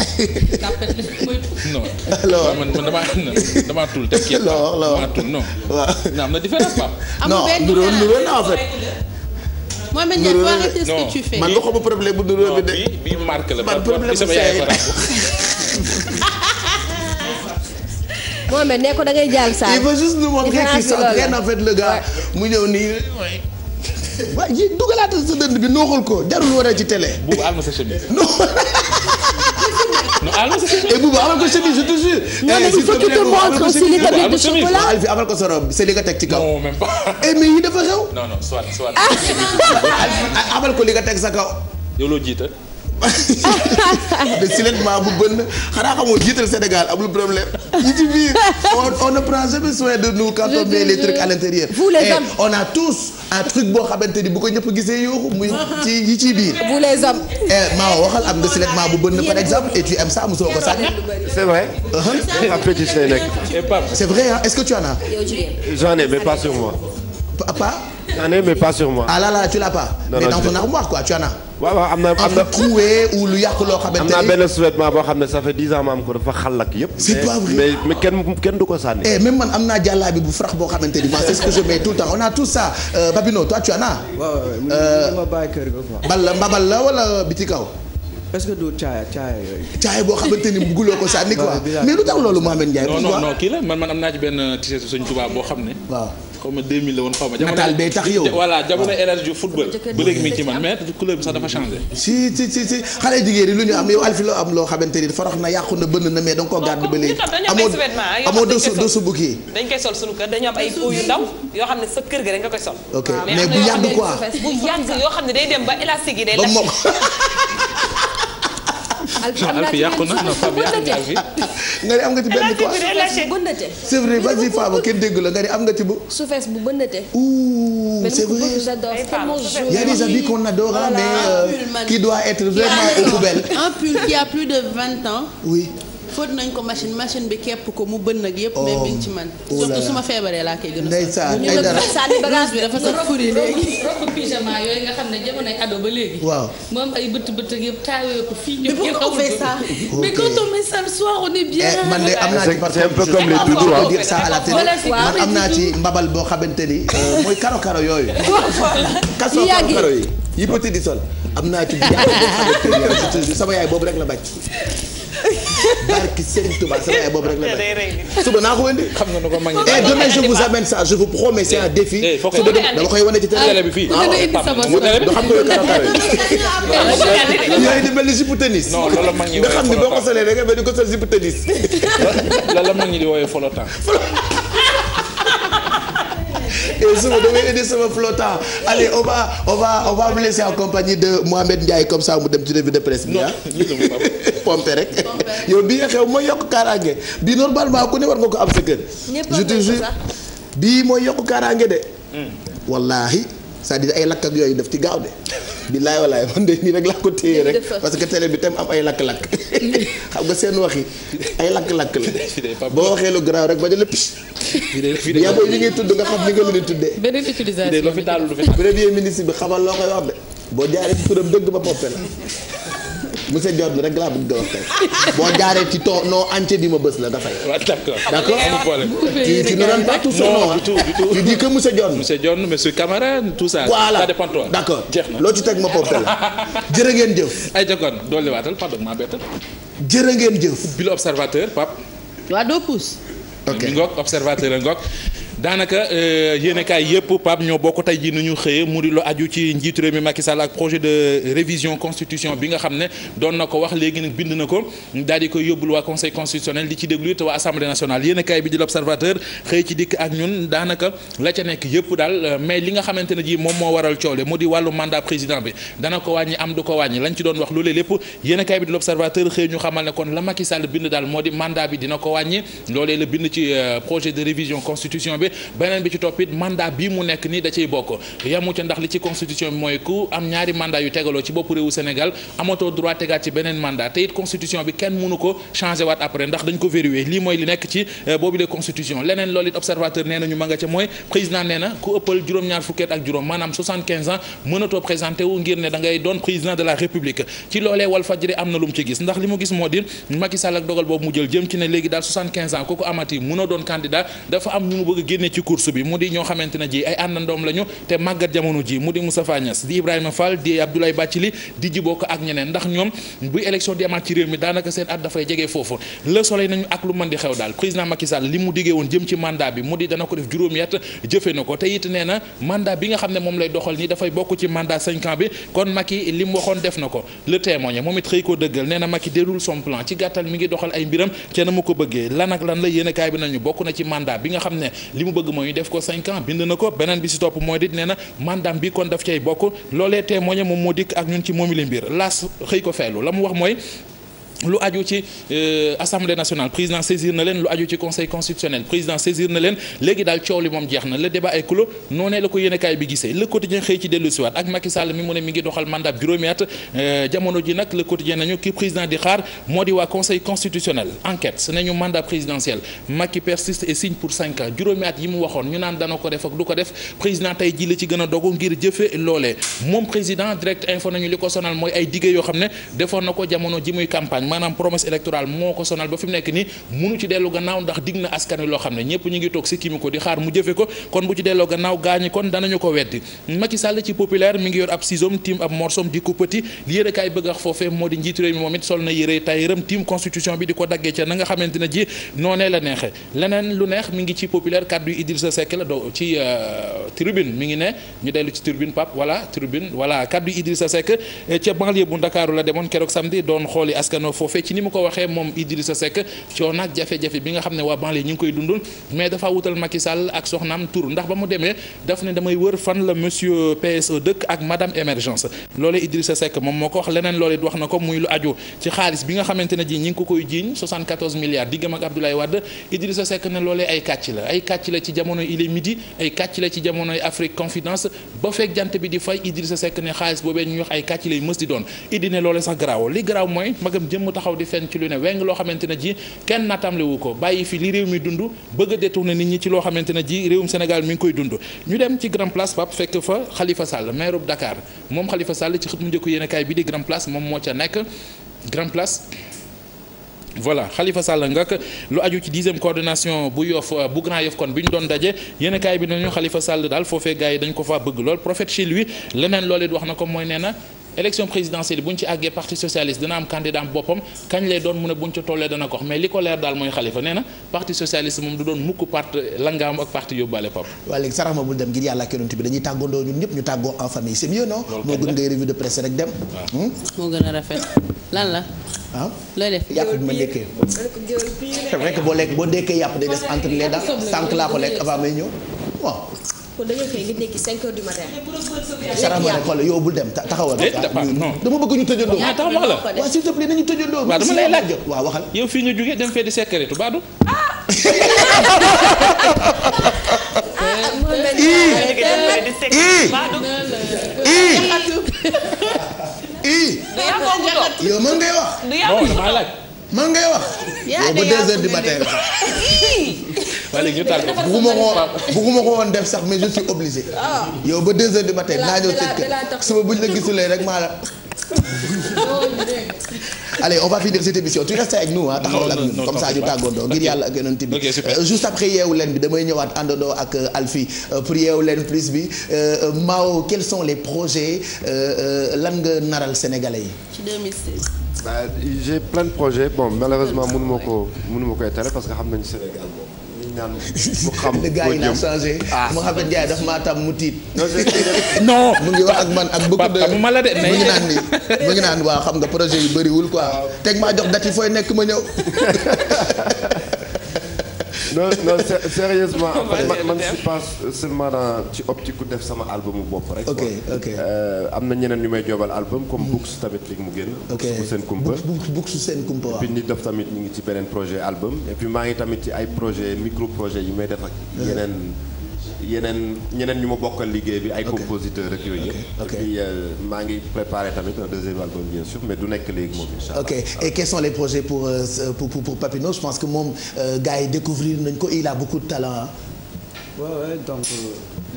non. alors man man damaa damaa tull teg kii. non non damaa tull non. waaw am na différence ba. amul benn différence non en fait. Mohamed Niang faut arrêter ce que tu fais. man nga xamul problème bu (laughs) ne ko da ngay jàll saa. il veut juste nous le gars mu ñëw nii. waaw ji sa dënd bi nooxul ko jarul war a ci télé. bu (laughs) Ah, et Bouba amal ko chemise je te jure. non mais il faut qu'il de chocolat. Alphie amal ko sa robe li nga teg ci kaw. non même dafa xew. amal ko li nga teg sa kaw. yow loo jiital. de (laughs) silencement bu bënn xanaa xamoo jiital Sénégal amul problème ñi ci biir on on ne prend jamais de nous quand on met à l'intérieur. vous eh, on a tous. un truc boo xamante ni bu ko ñëpp gisee yooxu muy ci yi ci biir. vous les hommes. Eh, maa waxal am nga silettement par exemple et tu aimes ça mosoo ko sànni. c'est vrai. Uh-huh. c'est vrai hein est-ce que tu en as. j'en ai mais pas sur moi. pas. j'en ai mais pas sur ah tu l'as pas. mais dans ton armoire quoi tu en as. waaw am na am na coué ou lu yàqu loo xamante ne am naa benn sous-vêtement boo xam ne ça fait dix ans ma am ko dafa xallak yëpp. mais kenn kenn du ko sànni. eh am naa jàllaabi bu frax boo xamante ni moi c'est ce tout temps on a tout ça euh, Babino toi tu en as. waaw bal la mbabal la wala bi ci kaw. est-ce que du caaya caaya yooyu. caaya boo xamante ni bugguloo ko sànni quoi (laughs) mais lu tax loolu Mouhamed Ndiaye. non non kii la man man am naa ci benn t-shirt Sëñ Tuubaa boo xam ne. waaw. xaw ma 2000 la woon xaw ma. nataal day tax yow ah. football. ba léegi mi ngi ci man mais couleur sax dafa changé. si si si xale jigéen yi lu ñu am yow alfi am loo xamante ni farax na yàqu na bënn na mais da nga koo gàdd ba léegi. amoo amoo dosu dosu bukki. dañ koy sol suñu kër dañu am ay po yu ndaw yoo xam ne sa kër ga rek koy sol. ok mais bu yàgg quoi bu yàgg yoo xam ne day dem ba élastique yi day (laughs) alfi yàqu na non Fab yàqu na alfi. nga ne am nga ci benn quoi c'est vrai vas-y Fab kenn déggu la nga ne am nga ci bu. su fees bu bënnate. ouh c'est vrai il y a des habits qu'on adore mais euh, qui doit être vraiment aux poubelles. un pull qui a plus de vingt ans. oui. fóot nañ ko machine machine bi kepp ko mu bën nag yépp mais mi oh, ci man. surtout su ma feebaree laa koy gën a. ndeysaan ay dara sànni bët bët yëpp eh, man am naa ci naa ci mbabal boo xamante ni euh, mooy karo karo yooyu. (laughs) kaso karo yi yi petit sol am naa ci sama yaay boobu rek la bàcc. (laughs) barki Serigne Touba sama yaay boobu rek la mel. naa ko wëndi. xam nga nu ko mag et eh, demain je vous amène ça je vous promets c'est eh, un défi. Eh, suba dama koy wane ci télé nga mel ni jupe tennis. non loolu ñi xam ni boo ko solee rek nga mel ni ko sol jupe tennis. (laughs) loolu la mag ñi di woowee folotan. (laughs) et suba damay indi sama flottant allez on va on va on va vous laisser en compagnie de Mohamed Ndiaye comme ça mu dem ci revue de presse bi ah. pompe rek yow bii nga xew mooy yokk kaaraange bii normalement ku ne war nga ko am sa kër. je te jure bii mooy yokk kaaraange de. Hmm. wallaahi c'est-à-dire ay lakk ak yooyu def ci gaaw de. billaay walaay man rek laa ko téye rek parce que télé bi tam (laughs) la boo waxee lu garaaw rek ba ñu lépp. yaa booy ñu ngi tudd nga xam ni nga leen di tuddee. beneen utilisation bi premier ministre bi xamal loo koy wax de boo jaaree ci turam dëgg ba poppe la. monsieur Dior rek laa bëgg a wax boo jaaree ci too non entier bi ma bës la dafay. waaw d' accord d' accord tu tu loo ci teg ma pompé la a ngeen jëf. ay jokkoon doole waatal pardon maa bettal. jërë ngeen jëf. bi l'observateur Pape. waaw doo puus. ok ngoog observateur ngoog. daanaka euh, yéenekaay yëpp Pape ñoo boo ko tey jii nu ñu xëyee mu di lu aju ci njiitu réew mi Macky ak projet de révision constitution bi nga xam ne doon na ko wax léegi nag bind na ko daal di koy yóbbul waa conseil constitutionnel di ci déglu it waa assemblée nationale yéenekaay bi di l'observateur xëy ci dikk ak ñun daanaka la ca nekk yëpp daal euh, mais li nga xamante ne ji moom moo waral coole mu di wàllu mandat président bi dana ko wàññi am du ko wàññi lañ ci doon wax loolee lépp yéenekaay bi di l'observateur xëy ñu xamal ne kon la Macky Sall bind daal moo di mandat bi dina ko wàññi loolee la bind ci euh, projet de révision constitution bi beneen bi ci topp it mandat bii mu nekk nii da ciy bokk yamu ca ndax li ci constitution bi mooy ku am ñaari mandat yu tegaloo ci bopp réewu Sénégal amatoo droit tegaat ci beneen mandat te it constitution bi kenn mënu ko changé waat après ndax dañ ko vérifié lii mooy li nekk ci euh, boobu la constitution leneen loolu it observateur nee ñu ma nga ca mooy président nee ku ëppal juróom-ñaar fukkeet ak juróom maanaam 75 ans mënatoo présenté moo di Macky Sall ak dogal boobu ne ci course bi mu di ñoo xamante ne ji ay àndandoom lañu te màggat jamono ji mu di Moustapha Niass di Ibrahima Fall di Abdoulaye Bathily di Djiboko ak ñeneen ndax ñoom bu élection di ci réew mi daanaka seen at dafay jege foofu le soleil nañu ak lu mën di xew daal président Macky Sall li mu diggee woon jëm ci mandat bi mu di dana ko def juróomi at jëfe na ko te it nee bi nga xam ne moom lay doxal ni dafay bokk ci mandat cinq bi la bëgg mooy def ko cinq ans bind na ko beneen bi si topp mooy di nee na mandaam bi kon daf cay bokk loolee témoigné moom moo dikk ak ñun ci moomi li mbir laas xëy ko feelu la mu wax mooy lu aju ci euh, assemblée nationale président saisir na leen lu aju ci conseil constitutionnel président saisir na leen léegi daal coow li moom jeex na le débat est clos noonee la ko yéenekaay bi gisee le quotidien xëy ci dellu siwaat ak Macky Sall mi mu ne mi doxal mandat juróomi at euh, jamono ji nag le quotidien nañu ki président di xaar moo di waa conseil constitutionnel enquête su nañu mandat présidentiel Macky persiste et signe pour cinq juróomi maanaam promesse électorale moo ko sonal ba fi mu nekk nii munu ci dellu gannaaw ndax digg na askan wi loo xam ne ñëpp ñu ngi toog si di xaar mu jëfe ko kon bu ci delloo gannaaw gaañi kon danañu ko weddi Macky Sall ci populaire mi ngi yor ab ciseau tiim ab morsom di ko pëti li yëre kaay bëgg a moo di njiitu moom it sol na yëre tayiram tiim constitution bi di ko daggee ca na nga ji noonee la leneen lu neex mi ngi ci populaire foofee ci ni mu ko waxee moom Idrissa Seck coono ak jafe-jafe bi nga xam ne waa banlieue ñu ngi koy dundul mais dafa wutal Macky ak soxnaam tur ndax ba mu demee daf ne damay wër fan la monsieur PSE dëkk ak madame émergence loole Idrissa Seck moom moo ko wax leneen loolu it wax na ko muy lu aju ne ji ngi ko koy jiiñ 74 milliards diggam ak ay kàcc la ay kàcc la ci jamonoy il midi ay kàcc la ci jamonoy Afrique confidence ba fekk jant bi di fay Idrissa Seck ne xaalis boobee ñuy wax ay kàcc lay mës di doon idi mu taxaw di fenn ci lu ne weng loo xamante ne ji kenn nattamlewu ko bàyyi fi li réew mi dund bëgg a détourner nit ñi ci loo xamante ne ji réewum Sénégal mi ngi koy dund ñu dem ci Grand Place Pape fekk fa Khalifa Sall maire bu Dakar moom Khalifa Sall ci xët mu njëkk bi di Grand Place moom moo ca nekk Grand Place voilà Khalifa Sall ngak lu aju ci dixième coordination bu yof euh, bu Grand Yoff kon bi ñu doon daje yéen kaay bi nañu xalifa Sall daal foofee yi dañ ko faa bëgg lool élection présidentielle bu ñu ci àggee parti socialiste dana am candidat am boppam kañ lay doon mu ne bu ñu ci tollee dana ko wax mais li ko leer daal mooy xalifa nee parti socialiste moom du doon mukk parti langaam ak parti yóbbaale pap waaw léegi sarax ma bul dem ngir yàlla ak yonent bi dañuy tàggandoo ñun ñëpp ñu tàggoo en famille c'est mieux moo gën ngay revue de presse rek dem hmm? a rafet lan la ah? yàpp bi ma ndekkee boo lekk boo ndekkee yàpp day des entre les dents sànq laa ko lekk avant kon da ngay xëy nga yow bu dem taxawal. dama bëgg ñu tëjandoo. waaw ma la waaw s'il te plaît nañu tëjandoo. waaw dama lay laaj jot waaw waxal. yow fii nga jógee dem fee di sekkaretu baadu. yow mën ngay wax. ma ngay wax. yow ba 2 heures du matin. waaye léegi ñu tàggatoo bugguma ko woon def sax mais je suis obligé. Ah. yow ba deux heures du matin naa ñëw seen kër suba buñ la gisulee rek maa la. (laughs) Allez, on va finir cette émission tu restes avec nous ah taxawal ak ñun comme ça ñu tàggoondoo ngir yàlla ak yonent bi euh, juste après yeewu leen bi damay ñëwaat àndandoo ak euh, alfi euh, pour yeewu leen plus bi Mao quels sont les projets lan nga naral sénégalais yi. ci 2016. j'ai plein de projets bon malheureusement mënu ma ko mënu ko étaler parce que xam nañu Sénégal. naan mu xam le (laughs) gars yi naa changé ah. Mouhamed Ndiaye daf maa tam mu tiit (laughs) non mu ngi wax ak man ak bëgg de ma la de mu ngi naan ni mu ngi naan waa xam nga projet yu bëriwul quoi teg maa jox date yi fooy nekk ma ñëw (laughs) non non sérieusement après (laughs) man je suis pas seulement dans ci optique def sama album bu bopp rek. ok ok euh, am na ñeneen ñu may joobal album comme hmm. Books tamit léegi mu génn. ok bu seen kumpa Books seen kumpa waaw. et puis nit dof tamit ñu ngi ci beneen projet album et puis maa ngi tamit ci ay projet micro projet yi may def ak yeneen. yeneen ñeneen ñu ma bokkal liggéey bi ay compositeur rek yooyu yëpp puis euh, maa ngi préparé tamit un deuxième album bien sûr mais du nekk léegi moom incha allah ok et quels sont les projets pour euh, Papino je pense que moom euh, gars yi découvrir nañ ko il a beaucoup de talent waaw ouais, ouais, donc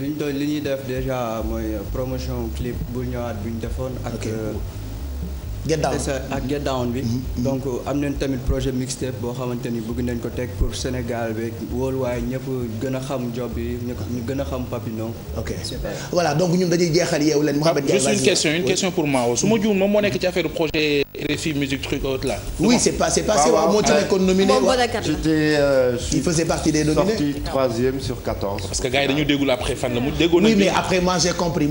li ñu doon li ñuy def déjà mooy promotion clip bu ñëwaat bu ñu defoon ak Get Down ak Get Down bi. Mm-hmm. donc am nañ tamit projet mixtape boo xamante ni bëgg nañ ko teg pour Sénégal bi worldwide ñëpp gën a xam job bi ñu gën a xam Papillon. ok voilà donc ñun dañuy jeexal yeewu leen Mouhamed Ndiaye. juste une question une question pour Mao su ma juum moom moo nekk ci affaire projet RFI musique truc autre là. oui c'est pas c'est euh, euh, partie des nominés. troisième sur quatorze. parce que gars yi déggul après fan la mu déggoo. oui après moi j'ai compris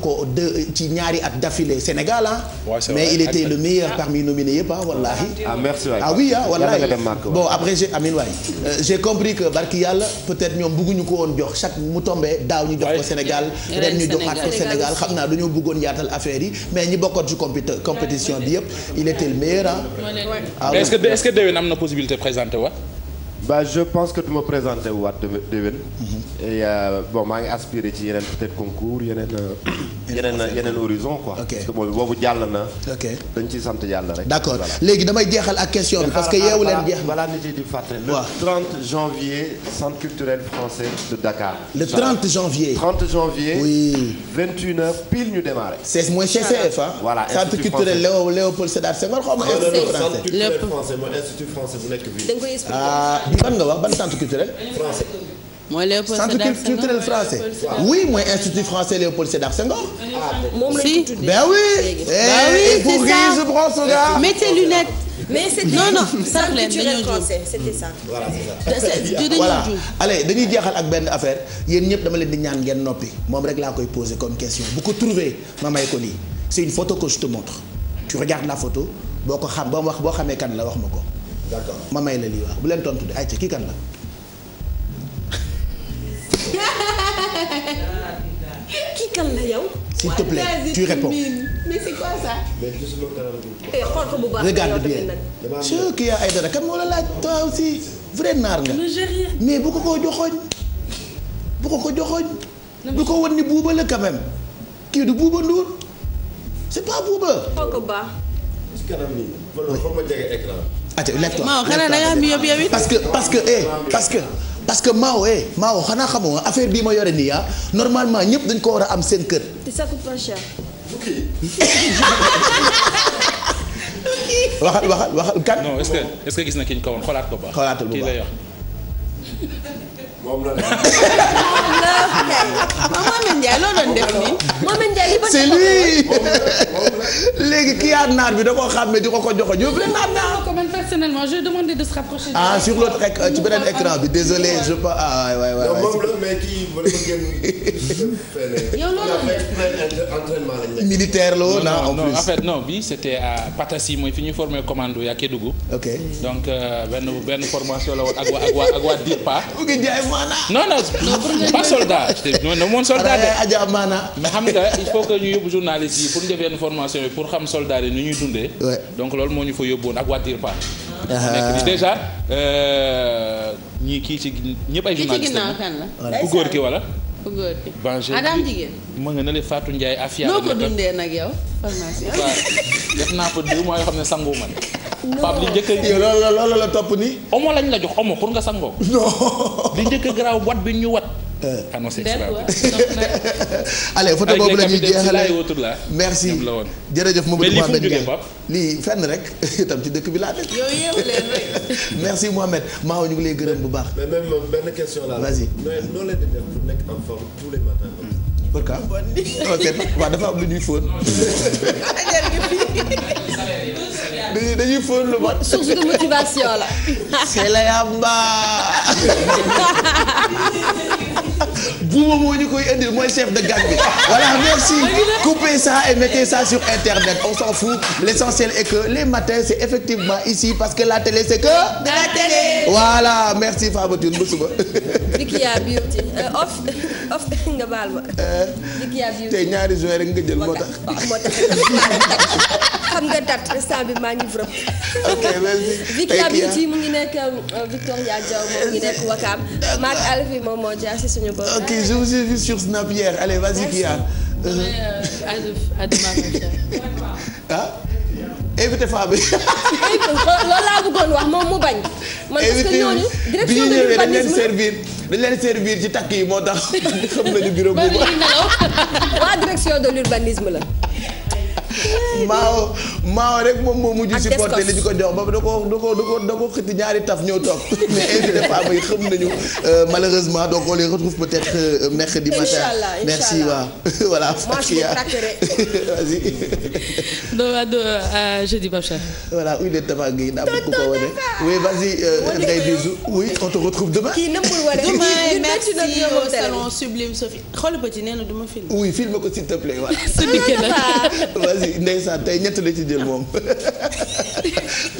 ko deux ci ñaari été le meilleur parmi nominés yëpp ah wallaahi. ah merci waay ah oui ah, bon après j'ai amin waay. Euh, j'ai compris que barki yàlla peut-être ñoom bëgguñu ko woon jox chaque mu tombé daaw ñu jox ko Sénégal. ren ñu joxaat ko Sénégal xam naa dañoo bëggoon yaatal affaire yi mais ñi bokkoon ci compét compétition bi yëpp il était le ah. Ah est-ce que est am na possibilité présenté wa bah je pense que du ma présenté wu waat déwén. Mhm. et euh, bon maa ngi aspiré ci yeneen peut-être concours yeneen. Euh, (coughs) yeneen yeneen horizon quoi. ok parce boobu jàll na. ok dañ ciy sant yàlla rek. d'accord léegi damay jeexal ak question bi. parce que yeewu leen jeex balaa nit yi di fàttali. le 30 janvier centre culturel français de Dakar. le 30 janvier. 30 janvier. oui 21h pile ñu démarré. c'est mooy CCF ah. voilà centre culturel Léo Léopold Sédar Senghor xaw ma. institut français lépp centre français mooy institut français bu nekk bi. ban nga wax ban centre culturel. français. mooy Léopold Sédar Senghor centre culturel français. oui mooy institut français Léopold Sédar Senghor. Ah, moom si. ben oui. eh pour qui je prends ce gars. mets tes lunettes. mais non non centre culturel français c'était ça. jeexal ak benn affaire yéen ñëpp dama leen di ñaan ngeen noppi moom rek laa koy poser comme question bu ko trouver ma may ko lii c' est une photo que je te montre tu regardes la photo boo ko xam ba wax boo xamee kan la wax ma ko. d'accord ma may la lii wax bu leen tontu de ay ca kii kan la. (laughs) kii kan la yow. s'il te plaît tu réponds. mais c'est quoi ça. Eh, xool ko bu baax. regarde ay dara kan moo la laaj toi aussi vrai naar nga. mais bu ko ko joxoñ bu ko ko joxoñ bu ko wan ni buuba la quand kii du buuba nduur c'est pas buuba. ati lekk la Mao xanaa parce que parce que eh parce que parce que Mao eh Mao xanaa xamoo affaire bii ma yore nii ah normalement ñëpp dañ ko war a am seen kër. te ça coûte pas cher. (laughs) waxal waxal waxal kan. gis na ki ñu ko woon xoolaat ko (laughs) Mohamed Ndiaye loo doon def nii. Mohamed Ndiaye li ba. c'est lui léegi bi da koo xàmme di ko ko joxoon yóbbu leen naar de se rapprocher. ah sur euh, beneen écran bi désolé je pas ah waay waay waay. yow loolu militaire la woon ah, en en fait non bi c'était Patassi mooy fi ñuy forme commando yaa Kédougou. ok donc euh, benn benn formation la woon ak waa ak waa ak waa DIRPA. non non. soldat man na moon soldat de aja maana mais xam nga il faut que ñu yóbbu journaliste yi pour ñu def yenn yi pour xam soldat yi nu ñuy dundee donc loolu moo ñu fa yóbboon ak wàttir pa ah. nekk di déjà euh, ñii kii ci ñëpp ay journaliste la ku góor ki wala ku góor ki adam nga na le Fatou Ndiaye Afia noo ko dundee nag yow formation def naa fa deux mois yoo xam ne sangoo man Pape li njëkk a. loolu la topp nii. omo lañ la jox omo pour nga sangoo. non li njëkk a garaaw wat bi annoncé euh, (laughs) allez photo boobu la ñuy jeexale merci jërëjëf Mamadou Mouhamed Ndiaye lii fenn rek (laughs) itam ci dëkk bi laa dëkk yow (laughs) merci Mouhamed Maaw ñu ngi lay gërëm bu baax mais même moom benn ok waaw dafa am lu ñuy fóon dañuy dañuy fóon lu bon. source de motivation la. c'est la yamba. buuma moo ñu koy indil mooy chef de gang bi voilà merci coupez ça et mettez ça sur internet on s'en fout l'essentiel est que les matins c'est effectivement ici parce que la télé c'est que. de la télé. voilà merci Faba Thioune ba suba. Dikia (laughs) Beauty euh, off nga baal ma. Dikia euh, Beauty tey ñaari juin rek nga jël moo tax. xam nga date instant bi maa ngi vrëm. ok merci. Dikia (laughs) ah. Beauty mu ngi nekk euh, Victoria Diaw mu ngi nekk Wakam Mag Alfi moom moo jaar si suñu. Ok, je vous ai vu sur Snap hier. Allez, vas-y, Kia. Euh, ah. éviter femme bi. loolu laa bëggoon wax moom mu bañ. man parce que direction de l'urbanisme leen servir dañ leen servir moo tax (laughs) la. Mao (laughs) Mao rek moom moo mujj supporté li ñu ko jox ba da ko da ko da ko da ko xëtti ñaari taf ñëw toog (laughs) mais invité femmes yi xam nañu euh, malheureusement donc on les retrouve peut euh, mercredi matin. merci waaw (laughs) voilà. Fakia vas-y. non non euh, jeudi prochain. voilà uy leen tabac gi daa bëgg ku ko wane. oui vas-y Ndeye Bisou oui on te retrouve demain. kii nëbbul wane demain merci au salon Sublime Sophie xool ba ci nee na du ndeysaan tey ñett la ci jël moom (laughs)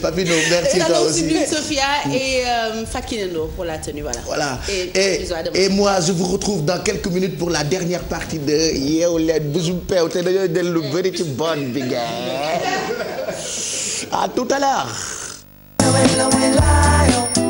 Papino merci toi aussi Sophia et euh, pour la tenue voilà. voilà moi je vous retrouve dans quelques minutes pour la dernière partie de Yeewu Leen Bisu Peew te dañoo del lu bëri à tout à l'heure